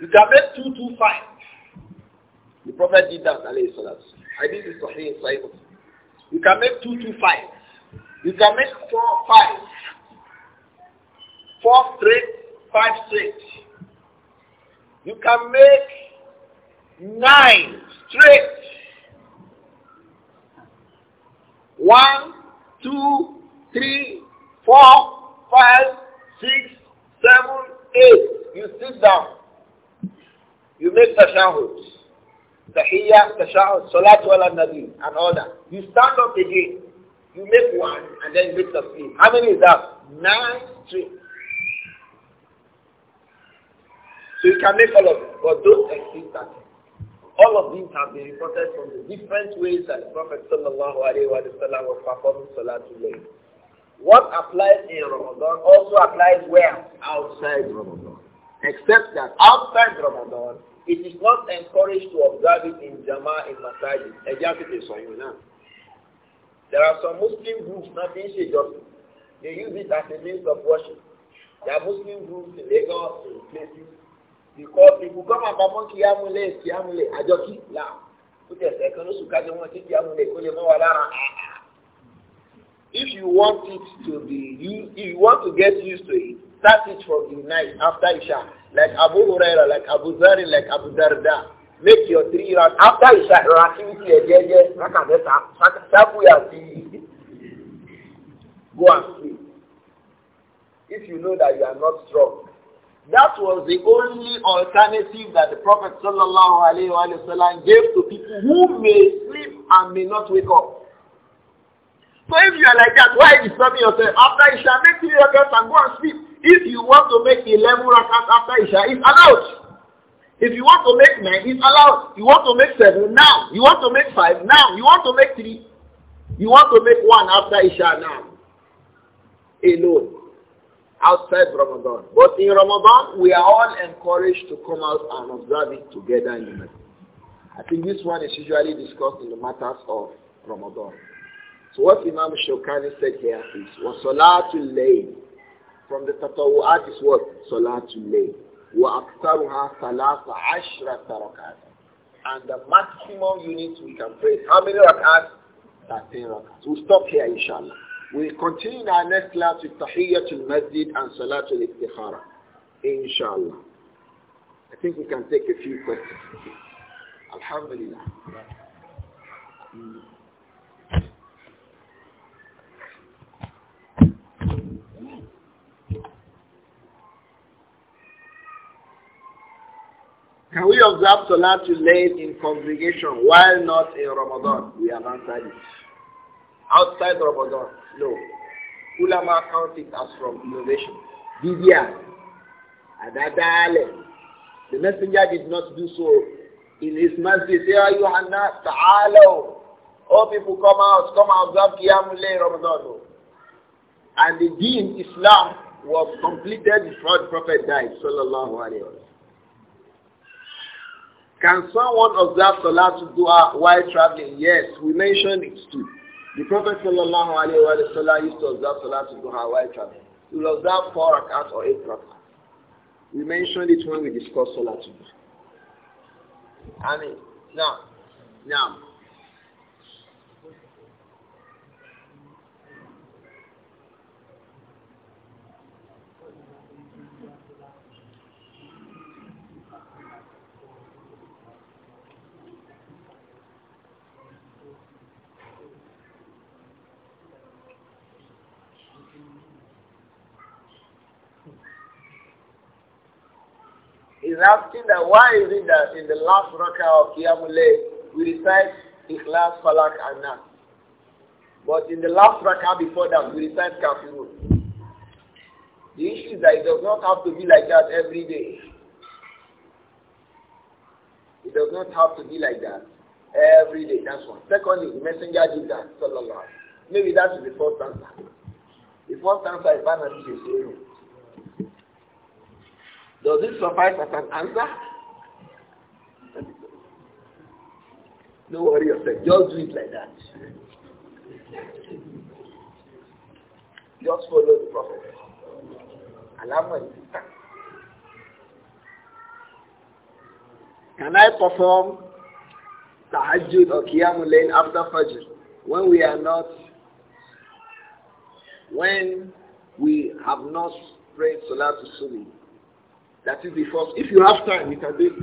You can make two, two, five. The Prophet did that, I did this for him, Sahih you can make two, two, five. You can make four, five. Four straight, five straight. You can make nine straight. One, two, three, four, five, six, seven, eight. You sit down. You make the shahuds. Tahiyya, Tashahud, Salatu ala Nabi, and all that. You stand up again, you make one, and then you make the three. How many is that? Nine two. So you can make all of them, but don't exceed that. All of these have been reported from the different ways that the Prophet sallallahu alaihi wasallam was performing Salatul Layl. What applies in Ramadan also applies where? Outside Ramadan. Except that outside Ramadan, it is not encouraged to observe it in Jama in Masajid. There are some Muslim groups, not in said, They use it as a means of worship. There are Muslim groups in Lagos, in places. Because people come up among Kiyamule, Kiyamule, Ajoki, La. If you want it to be, if you want to get used to it, start it from the night after Isha like Abu Huraira, like Abu Zari, like Abu Darda. Make your three rounds. After you start activity again, yes, sabu ya Go and sleep. If you know that you are not strong. That was the only alternative that the Prophet sallallahu alaihi wasallam gave to people who may sleep and may not wake up. So if you are like that, why disturbing yourself? After Isha, make three rounds and go and sleep. If you want to make 11 rakat after Isha, it's allowed. If you want to make 9, it's allowed. You want to make 7, now. You want to make 5, now. You want to make 3. You want to make 1 after Isha, now. Alone. Outside Ramadan. But in Ramadan, we are all encouraged to come out and observe it together in the I think this one is usually discussed in the matters of Ramadan. So what Imam Shokani said here is, وَصَلَاتُ اللَّيْلِ from the tatawu'at is what? Salatul Layl. وَأَكْثَرُهَا ثَلَاثَ عَشْرَةَ رَكَعَةً And the maximum units we can pray how many rak'ahs? 13 rak'ahs. We'll stop here inshallah. We'll continue in our next class with Tahiyyatul Masjid and Salatul Istikhara. Inshallah. I think we can take a few questions. Alhamdulillah. Mm. Can we observe Salatul Layl in congregation while not in Ramadan? We have answered it. Outside Ramadan, no. Ulama count it as from innovation. Bidya, Adadale. The messenger did not do so in his masjid. Say, you Hannah, Ta'alaw. All people come out, come out, observe Qiyamul Layl Ramadan. And the deen Islam was completed before the Prophet died, sallallahu alayhi wa sallam. Can someone observe to Dua while traveling? Yes, we mentioned it too. The Prophet sallallahu alayhi wa sallam used to observe to Dua while traveling. He will observe four rakats or eight rakats. We mentioned it when we discussed Salatul Duha. I mean, now, now, is asking that why is it that in the last rakah of Qiyamulay we recite Ikhlas, Falak and Nas. But in the last rakah before that we recite Kafirun. The issue is that it does not have to be like that every day. It does not have to be like that every day. That's one. Secondly, the messenger did that. Sallallahu Maybe that's the first answer. The first answer is Banati Shehu. Does this suffice as an answer? Don't worry yourself. Just do it like that. Just follow the prophet. Alama is Can I perform tahajjud or qiyamul after fajr when we are not when we have not prayed salat subhi that is the first. If you have time, you can do it.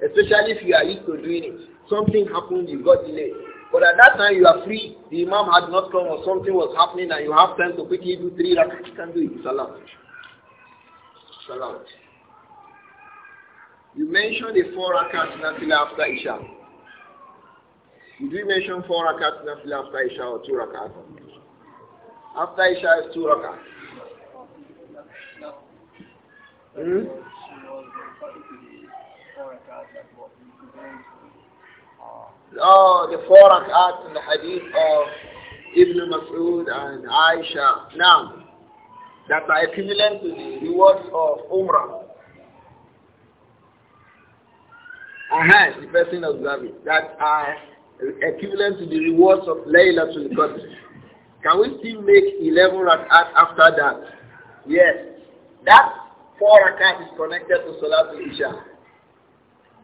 Especially if you are used to doing it. Something happened, you got delayed. But at that time you are free, the Imam had not come or something was happening and you have time to quickly do three rakats, you can do it. Salam. Salam. You mentioned the four rakats nafila after Isha. Did we mention four rakats nafila after Isha or two rakats? After Isha is two rakats. Hmm? the four Oh, the four rak'at in the hadith of Ibn Mas'ud and Aisha. Now, that are equivalent to the rewards of Umrah. Aha, the person observing that are equivalent to the rewards of Laylatul Qadr. Can we still make 11 rak'at after that? Yes. That Four rakats is connected to Salatul Isha.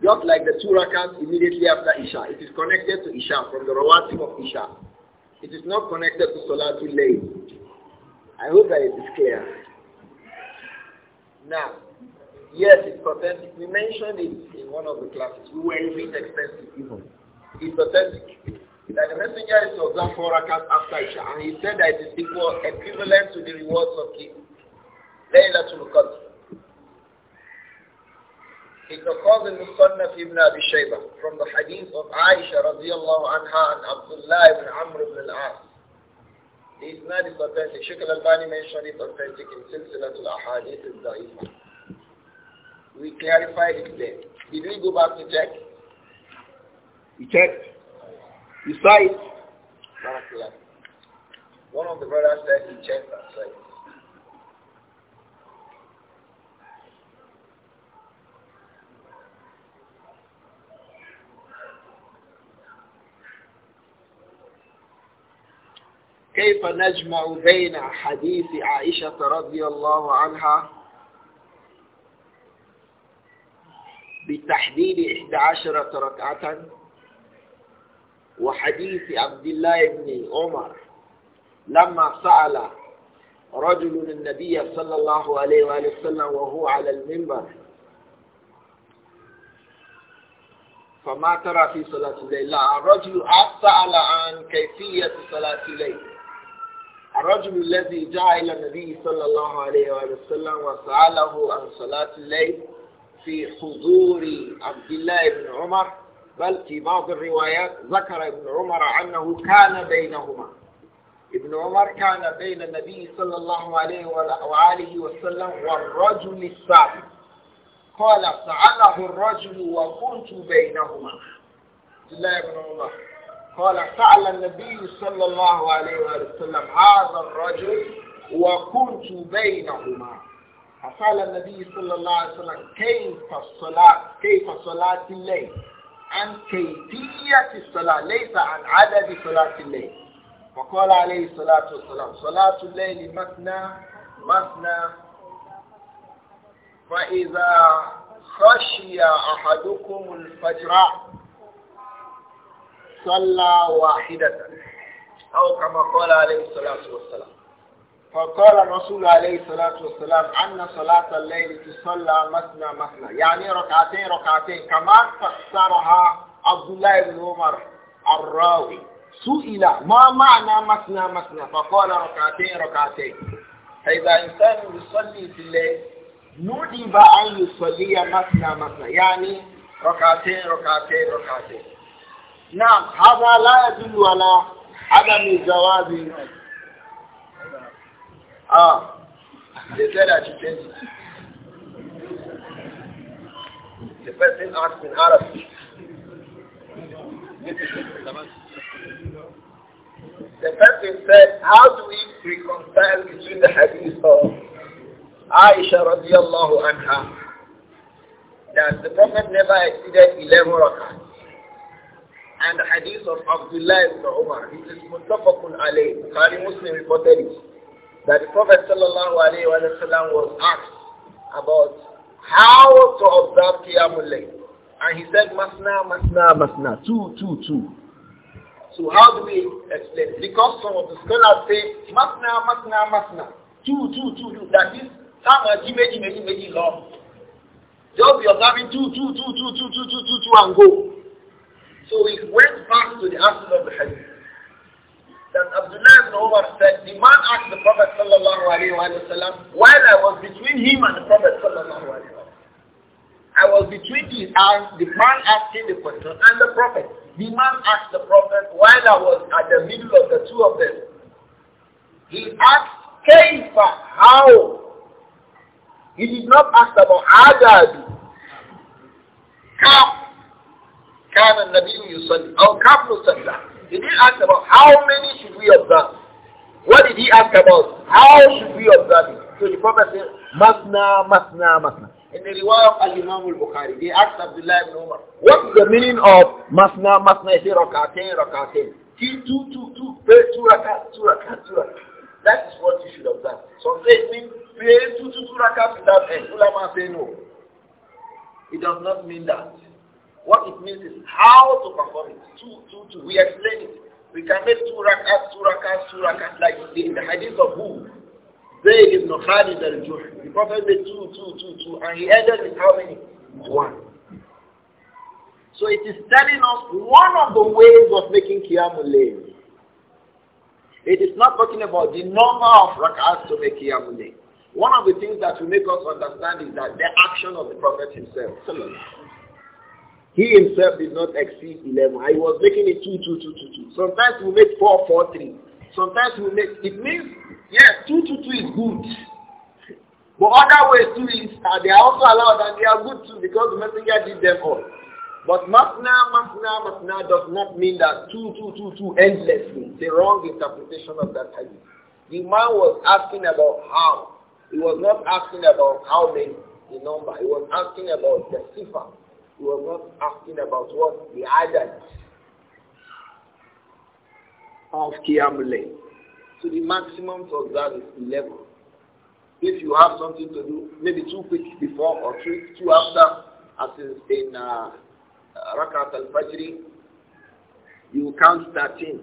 Just like the two rakats immediately after Isha. It is connected to Isha from the Rawatib of Isha. It is not connected to Salatul Layl. I hope that it is clear. Now, yes, it's authentic. We mentioned it in one of the classes. We were a bit expensive even. It's authentic that the messenger is to four rakats after Isha, and he said that it is equal, equivalent to the rewards of the Laylatul Qadr. It occurs in Musannaf ibn Abi Shaybah from the hadith of Aisha radiallahu anha and Abdullah ibn Amr ibn al-As. The not is authentic. Sheikh al-Albani mentioned it authentic in Silsilat al-Ahadith al-Da'ifah. We clarified it there. Did we go back to check? We checked. You saw it. One of the brothers said he checked that site. كيف نجمع بين حديث عائشة رضي الله عنها بتحديد 11 ركعة وحديث عبد الله بن عمر لما سأل رجل النبي صلى الله عليه وآله وسلم وهو على المنبر فما ترى في صلاة الليل لا الرجل سأل عن كيفية صلاة الليل الرجل الذي جاء إلى النبي صلى الله عليه وسلم وسأله عن صلاة الليل في حضور عبد الله بن عمر بل في بعض الروايات ذكر ابن عمر أنه كان بينهما ابن عمر كان بين النبي صلى الله عليه وآله وسلم والرجل الثالث قال سأله الرجل وكنت بينهما عبد الله بن عمر قال فعل النبي صلى الله عليه وآله وسلم هذا الرجل وكنت بينهما فقال النبي صلى الله عليه وسلم كيف الصلاة كيف صلاة الليل عن كيفية الصلاة ليس عن عدد صلاة الليل فقال عليه الصلاة والسلام صلاة الليل مثنى مثنى فإذا خشي أحدكم الفجر صلى واحدة أو كما قال عليه الصلاة والسلام فقال الرسول عليه الصلاة والسلام أن صلاة الليل تصلى مثنى مثنى يعني ركعتين ركعتين كما فسرها عبد الله بن عمر الراوي سئل ما معنى مثنى مثنى فقال ركعتين ركعتين فإذا إنسان يصلي في الليل ندب أن يصلي مثنى مثنى يعني ركعتين ركعتين ركعتين Now, هذا لا يدل على that the person said how do we reconcile between the hadith of Aisha radiallahu anha that the Prophet never exceeded 11 rakat? and hadith of Abdullah ibn Umar. It is muttafaqun alayh. Bukhari Muslim reported it. That the Prophet sallallahu alayhi wa sallam was asked about how to observe Qiyamul Layl. And he said, Masna, Masna, Masna. Two, two, two. So how do we explain? Because some of the scholars say, Masna, Masna, Masna. Two, two, two, two. That is, some are jime, jime, jime, long. Just be observing two, two, two, two, two, two, two, two, two, and go. So he went back to the axis of the hadith. That Abdullah ibn Umar said, the man asked the Prophet sallallahu alayhi wa sallam, while I was between him and the Prophet sallallahu alayhi wa I was between the, uh, the man asking the question and the Prophet. The man asked the Prophet while I was at the middle of the two of them. He asked, Kaifa, how? He did not ask about Adabi. How? كان النبي يصلي أو قبل صلى He didn't ask about how many should we observe. What did he ask about? How should we observe it? So the Prophet said, Masna, Masna, Masna. In the riwayah of Al-Imam al-Bukhari, he asked Abdullah ibn Umar, what is the meaning of Masna, Masna? He said, Rakatain, Rakatain. Two, two, two, two, pray two rakat, two rakat, two rakat. That is what you should observe. So say it means pray two, two, two rakat without end. Ulama say no. It does not mean that. What it means is how to perform it. Two, two, two. We explain it. We can make two rakats, two rakats, two rakats, like in the hadith of who? is ibn Khalid al-Juhri. The Prophet made two, two, two, two, and he ended with how many? One. So it is telling us one of the ways of making Qiyamul It is not talking about the number of rakats to make Qiyamul One of the things that will make us understand is that the action of the Prophet himself. He himself did not exceed 11. I was making it 2, 2, 2, 2, 2. Sometimes we make 4, 4, 3. Sometimes we make, it means, yes, 2, 2, 2 is good. But other ways too is, uh, they are also allowed and they are good too because the messenger did them all. But masna, masna, masna does not mean that two, two, two, two endlessly. It's a wrong interpretation of that hadith. The man was asking about how. He was not asking about how many, the number. He was asking about the cipher. He was not asking about what the adad of Qiyamulay. So the maximum for that is 11. If you have something to do, maybe two quick before or three, two after, as in uh, uh, Rakat al-Fajr, you count 13.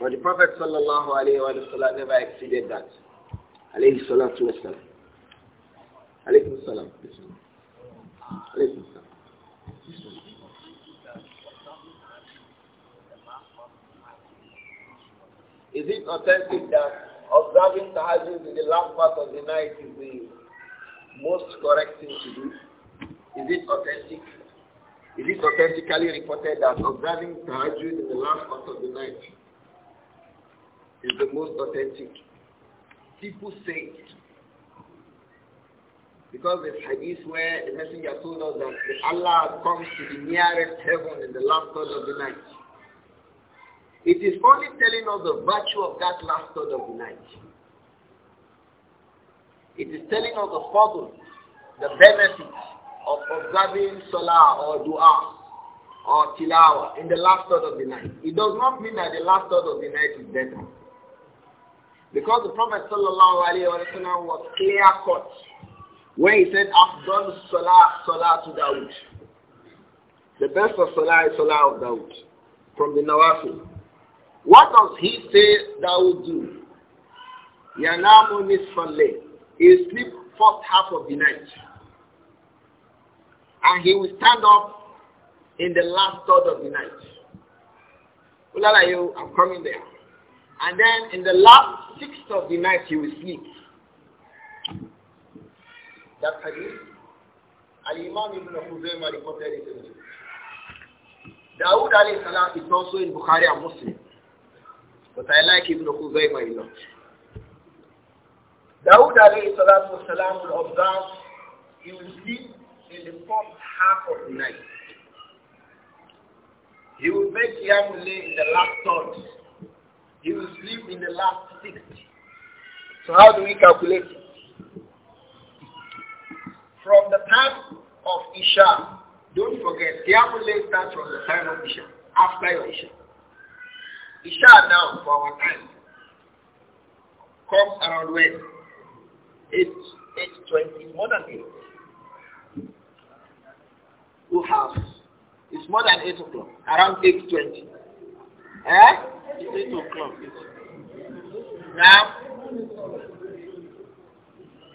But the Prophet sallallahu alayhi wa never exceeded that. Alayhi salatu wa salam. Alaykum salam. Alaykum. Is it authentic that observing tahajjud in the last part of the night is the most correct thing to do? Is it authentic? Is it authentically reported that observing tahajjud in the last part of the night is the most authentic? People say it. Because the hadith where the messenger told us that Allah comes to the nearest heaven in the last part of the night. It is only telling us the virtue of that last third of the night. It is telling us the fadl, the benefit of observing salah or dua or tilawa in the last third of the night. It does not mean that the last third of the night is better. Because the Prophet wasallam was clear cut when he said, Afdal salah, salah to Dawood. The best of salah is salah of Dawood from the Nawafil. What does he say that will do? Yanamu nisfalle. He will sleep first half of the night. And he will stand up in the last third of the night. Ulala you, I'm coming there. And then in the last sixth of the night he will sleep. That hadith, Al-Imam Ibn Khuzaymah reported it in Dawood Ali salam is also in Bukhari and Muslim. But I like Ibn Khuzaymah a lot. Dawood alayhi salatu wasalam will observe, he will sleep in the first half of the night. He will make Qiyamul in the last third. He will sleep in the last sixth. So how do we calculate it? From the time of Isha, don't forget, Qiyamul starts from the time of Isha, after your Isha. Isha now for our time comes around when? 8, 8.20, more than 8. Who have? It's more than 8 o'clock, around 8.20. Eh? It's 8 o'clock. Now,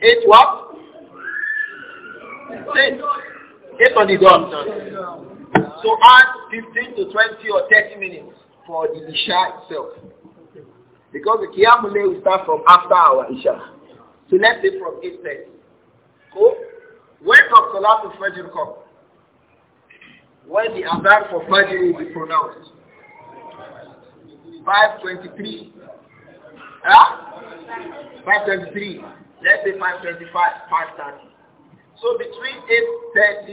8 what? 8. 8 on the dawn. So add 15 to 20 or 30 minutes for the Isha itself. Because the Qiyamul will start from after our Isha. So let's say from 8.30. Cool? When does Salatul Fajr come? When the Adhan for Fajr will be pronounced? 5.23. Huh? 5.23. Let's say 5.25, 5.30. So between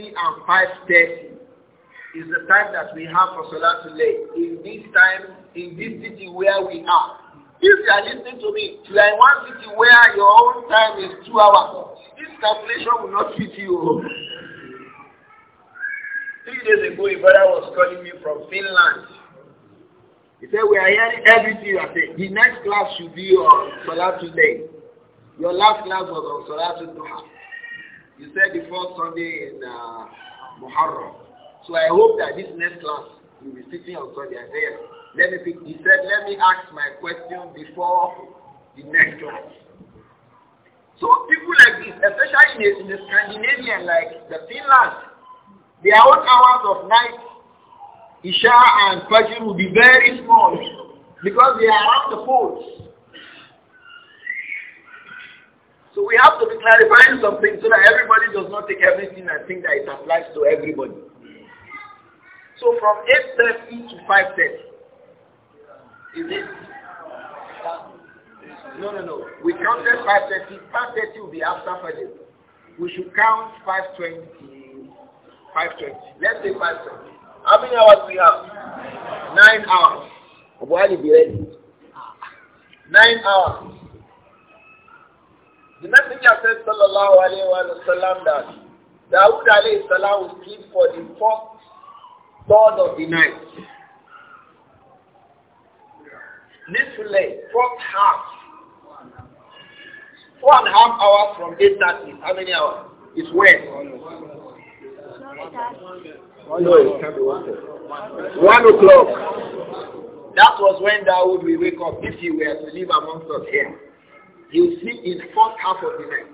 8.30 and 5.30, is the time that we have for Salatul Layl. In this time, in this city where we are. If you are listening to me, you are in one city where your own time is two hours. This calculation will not fit you. Three days ago, a brother was calling me from Finland. He said, we are hearing everything you are saying. The next class should be on Salatul Layl. Your last class was on Salatul Duha. You said the first Sunday in uh, Muharram. So I hope that this next class will be sitting on Sunday and say, let me pick, he said, let me ask my question before the next class. So people like this, especially in the, Scandinavian, like the Finland, their own hours of night, Isha and Fajr will be very small because they are around the poles. So we have to be clarifying some things so that everybody does not take everything and think that it applies to everybody. So from 8.30 to 5.30. Is it? No, no, no. We counted 5.30. 5.30 will be after Fajr. We should count 5.20. 5.20. Let's say 5.20. How many hours we have? Nine hours. Abu Ali, be ready. Nine hours. The Messenger said, sallallahu alayhi wa sallam, that Dawood alayhi salam will sleep for the first third of the night. lay four half. Four and a half hours from 8.30. How many hours? It's where? No, it can't be one. o'clock. That was when Dawood will wake up if he were to live amongst us here. You see, in first half of the night.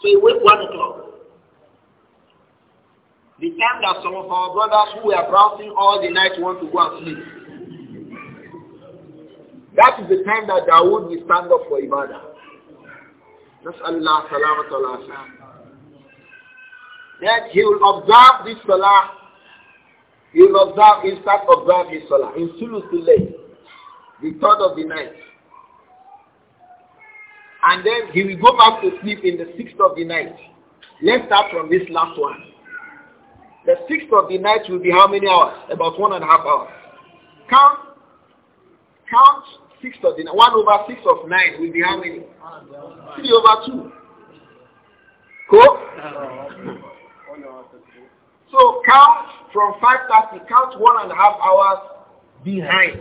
So he wake one o'clock. The time that some of our brothers who were browsing all the night want to go and sleep. That is the time that Dawood will stand up for Ibadah. That's Allah salamat Allah. That he will observe this Salah. He will observe, he will start observe his Salah. In Sulutul the third of the night. And then he will go back to sleep in the sixth of the night. Let's start from this last one. The sixth of the night will be how many hours? About one and a half hours. Count, count six of the one over six of nine will be how many? Three over two. Cool. So count from five thirty. Count one and a half hours behind.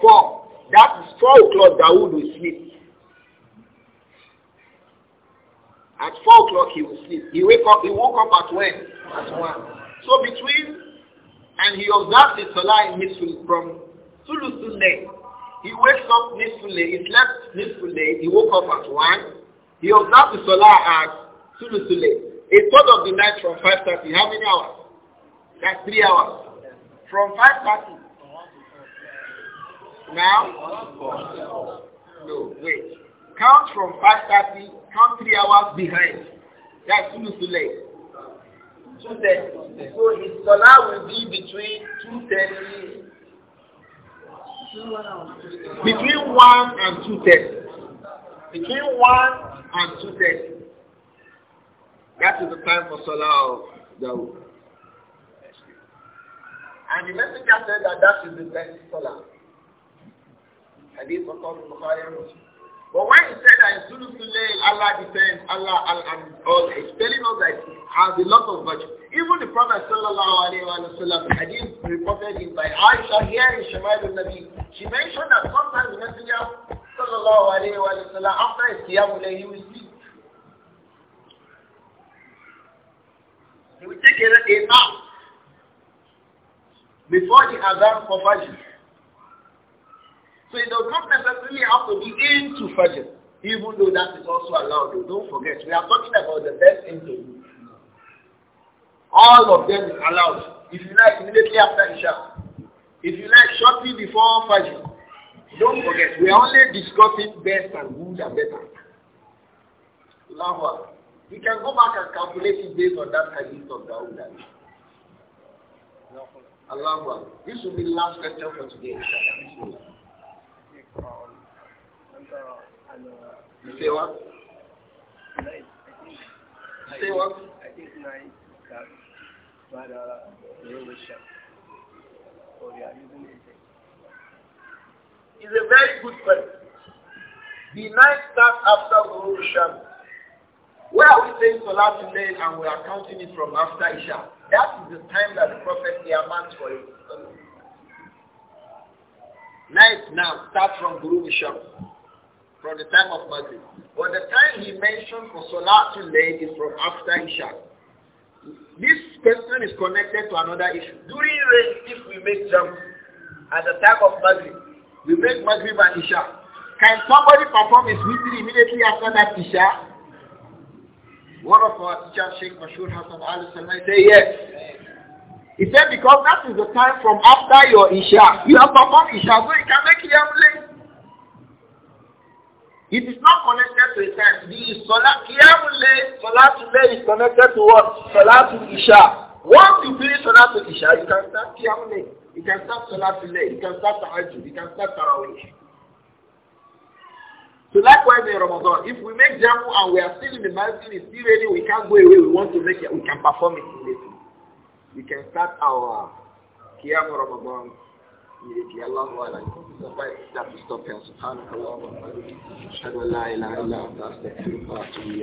Four. That is four o'clock. Dawood will sleep. At 4 o'clock he will sleep. He wake up, he woke up at when? At 1. So between, and he observed the Salah in Nisful from Sulusul He wakes up Nisful he slept Nisful he woke up at 1. He observed the Salah at Sulusul A third of the night from 5.30, how many hours? That's 3 hours. From 5.30. Now? No, wait. Comes from 5.30, Come three hours behind. That's too late. So his salah will be between 2.30 between 1 and 2.30 between 1 and 2.30 that is the time for salah of and the messenger said that that is the best salah hadith of Bukhari and but when he said that in Allah defends, Allah al and all, it's telling us that he has a lot of virtue. Even the Prophet sallallahu alayhi wa sallam, hadith reported in by Aisha here in Shemayad al-Nabi, she mentioned that sometimes the Messenger sallallahu alayhi wa sallam, after his qiyamul he will sleep. He will take a, a nap before the Adhan for Fajr. So it does not necessarily have to be into Fajr, even though that is also allowed. Don't forget, we are talking about the best into. All of them is allowed. If you like, immediately after Isha. If you like, shortly before Fajr. Don't forget, we are only discussing best and good and better. Allahu We can go back and calculate it based on that hadith of Dawud Ali. Allah, This will be the last question for today uh, an, uh, say what? Night, I think. Say I, what? I think night that, but uh, they will shut. So they are using it. It's a very good question. The night starts after Guru Shan. Where are we saying Salat Layl and we are counting it from after Isha? That is the time that the Prophet earmarked for you. Night now starts from Guru Shan from the time of Maghrib. But the time he mentioned for to lay is from after Isha. This question is connected to another issue. During rain, if we make jump at the time of Maghrib, we make Maghrib and Isha. Can somebody perform his witr immediately after that Isha? One of our teachers, Sheikh Mashur Hassan Al Salman, said yes. He said because that is the time from after your Isha. You have performed Isha, so you can make Qiyam late. It is not connected to a time. The Salah Qiyamul Layl, is connected to what? Salatul Isha. Once you finish Salatul Isha, you can start Qiyamul You can start Salatul Layl. You can start Tahajjud. You can start Tarawih. So likewise in Ramadan, if we make jamu and we are still in the mountain, it's still raining, we can't go away. We want to make it. We can perform it immediately. We can start our Qiyamul Ramadan immediately. Allahu Akbar. That will stop here. Subhanakallah. Shadu la ilaha illa anta astaghfiruka wa atubu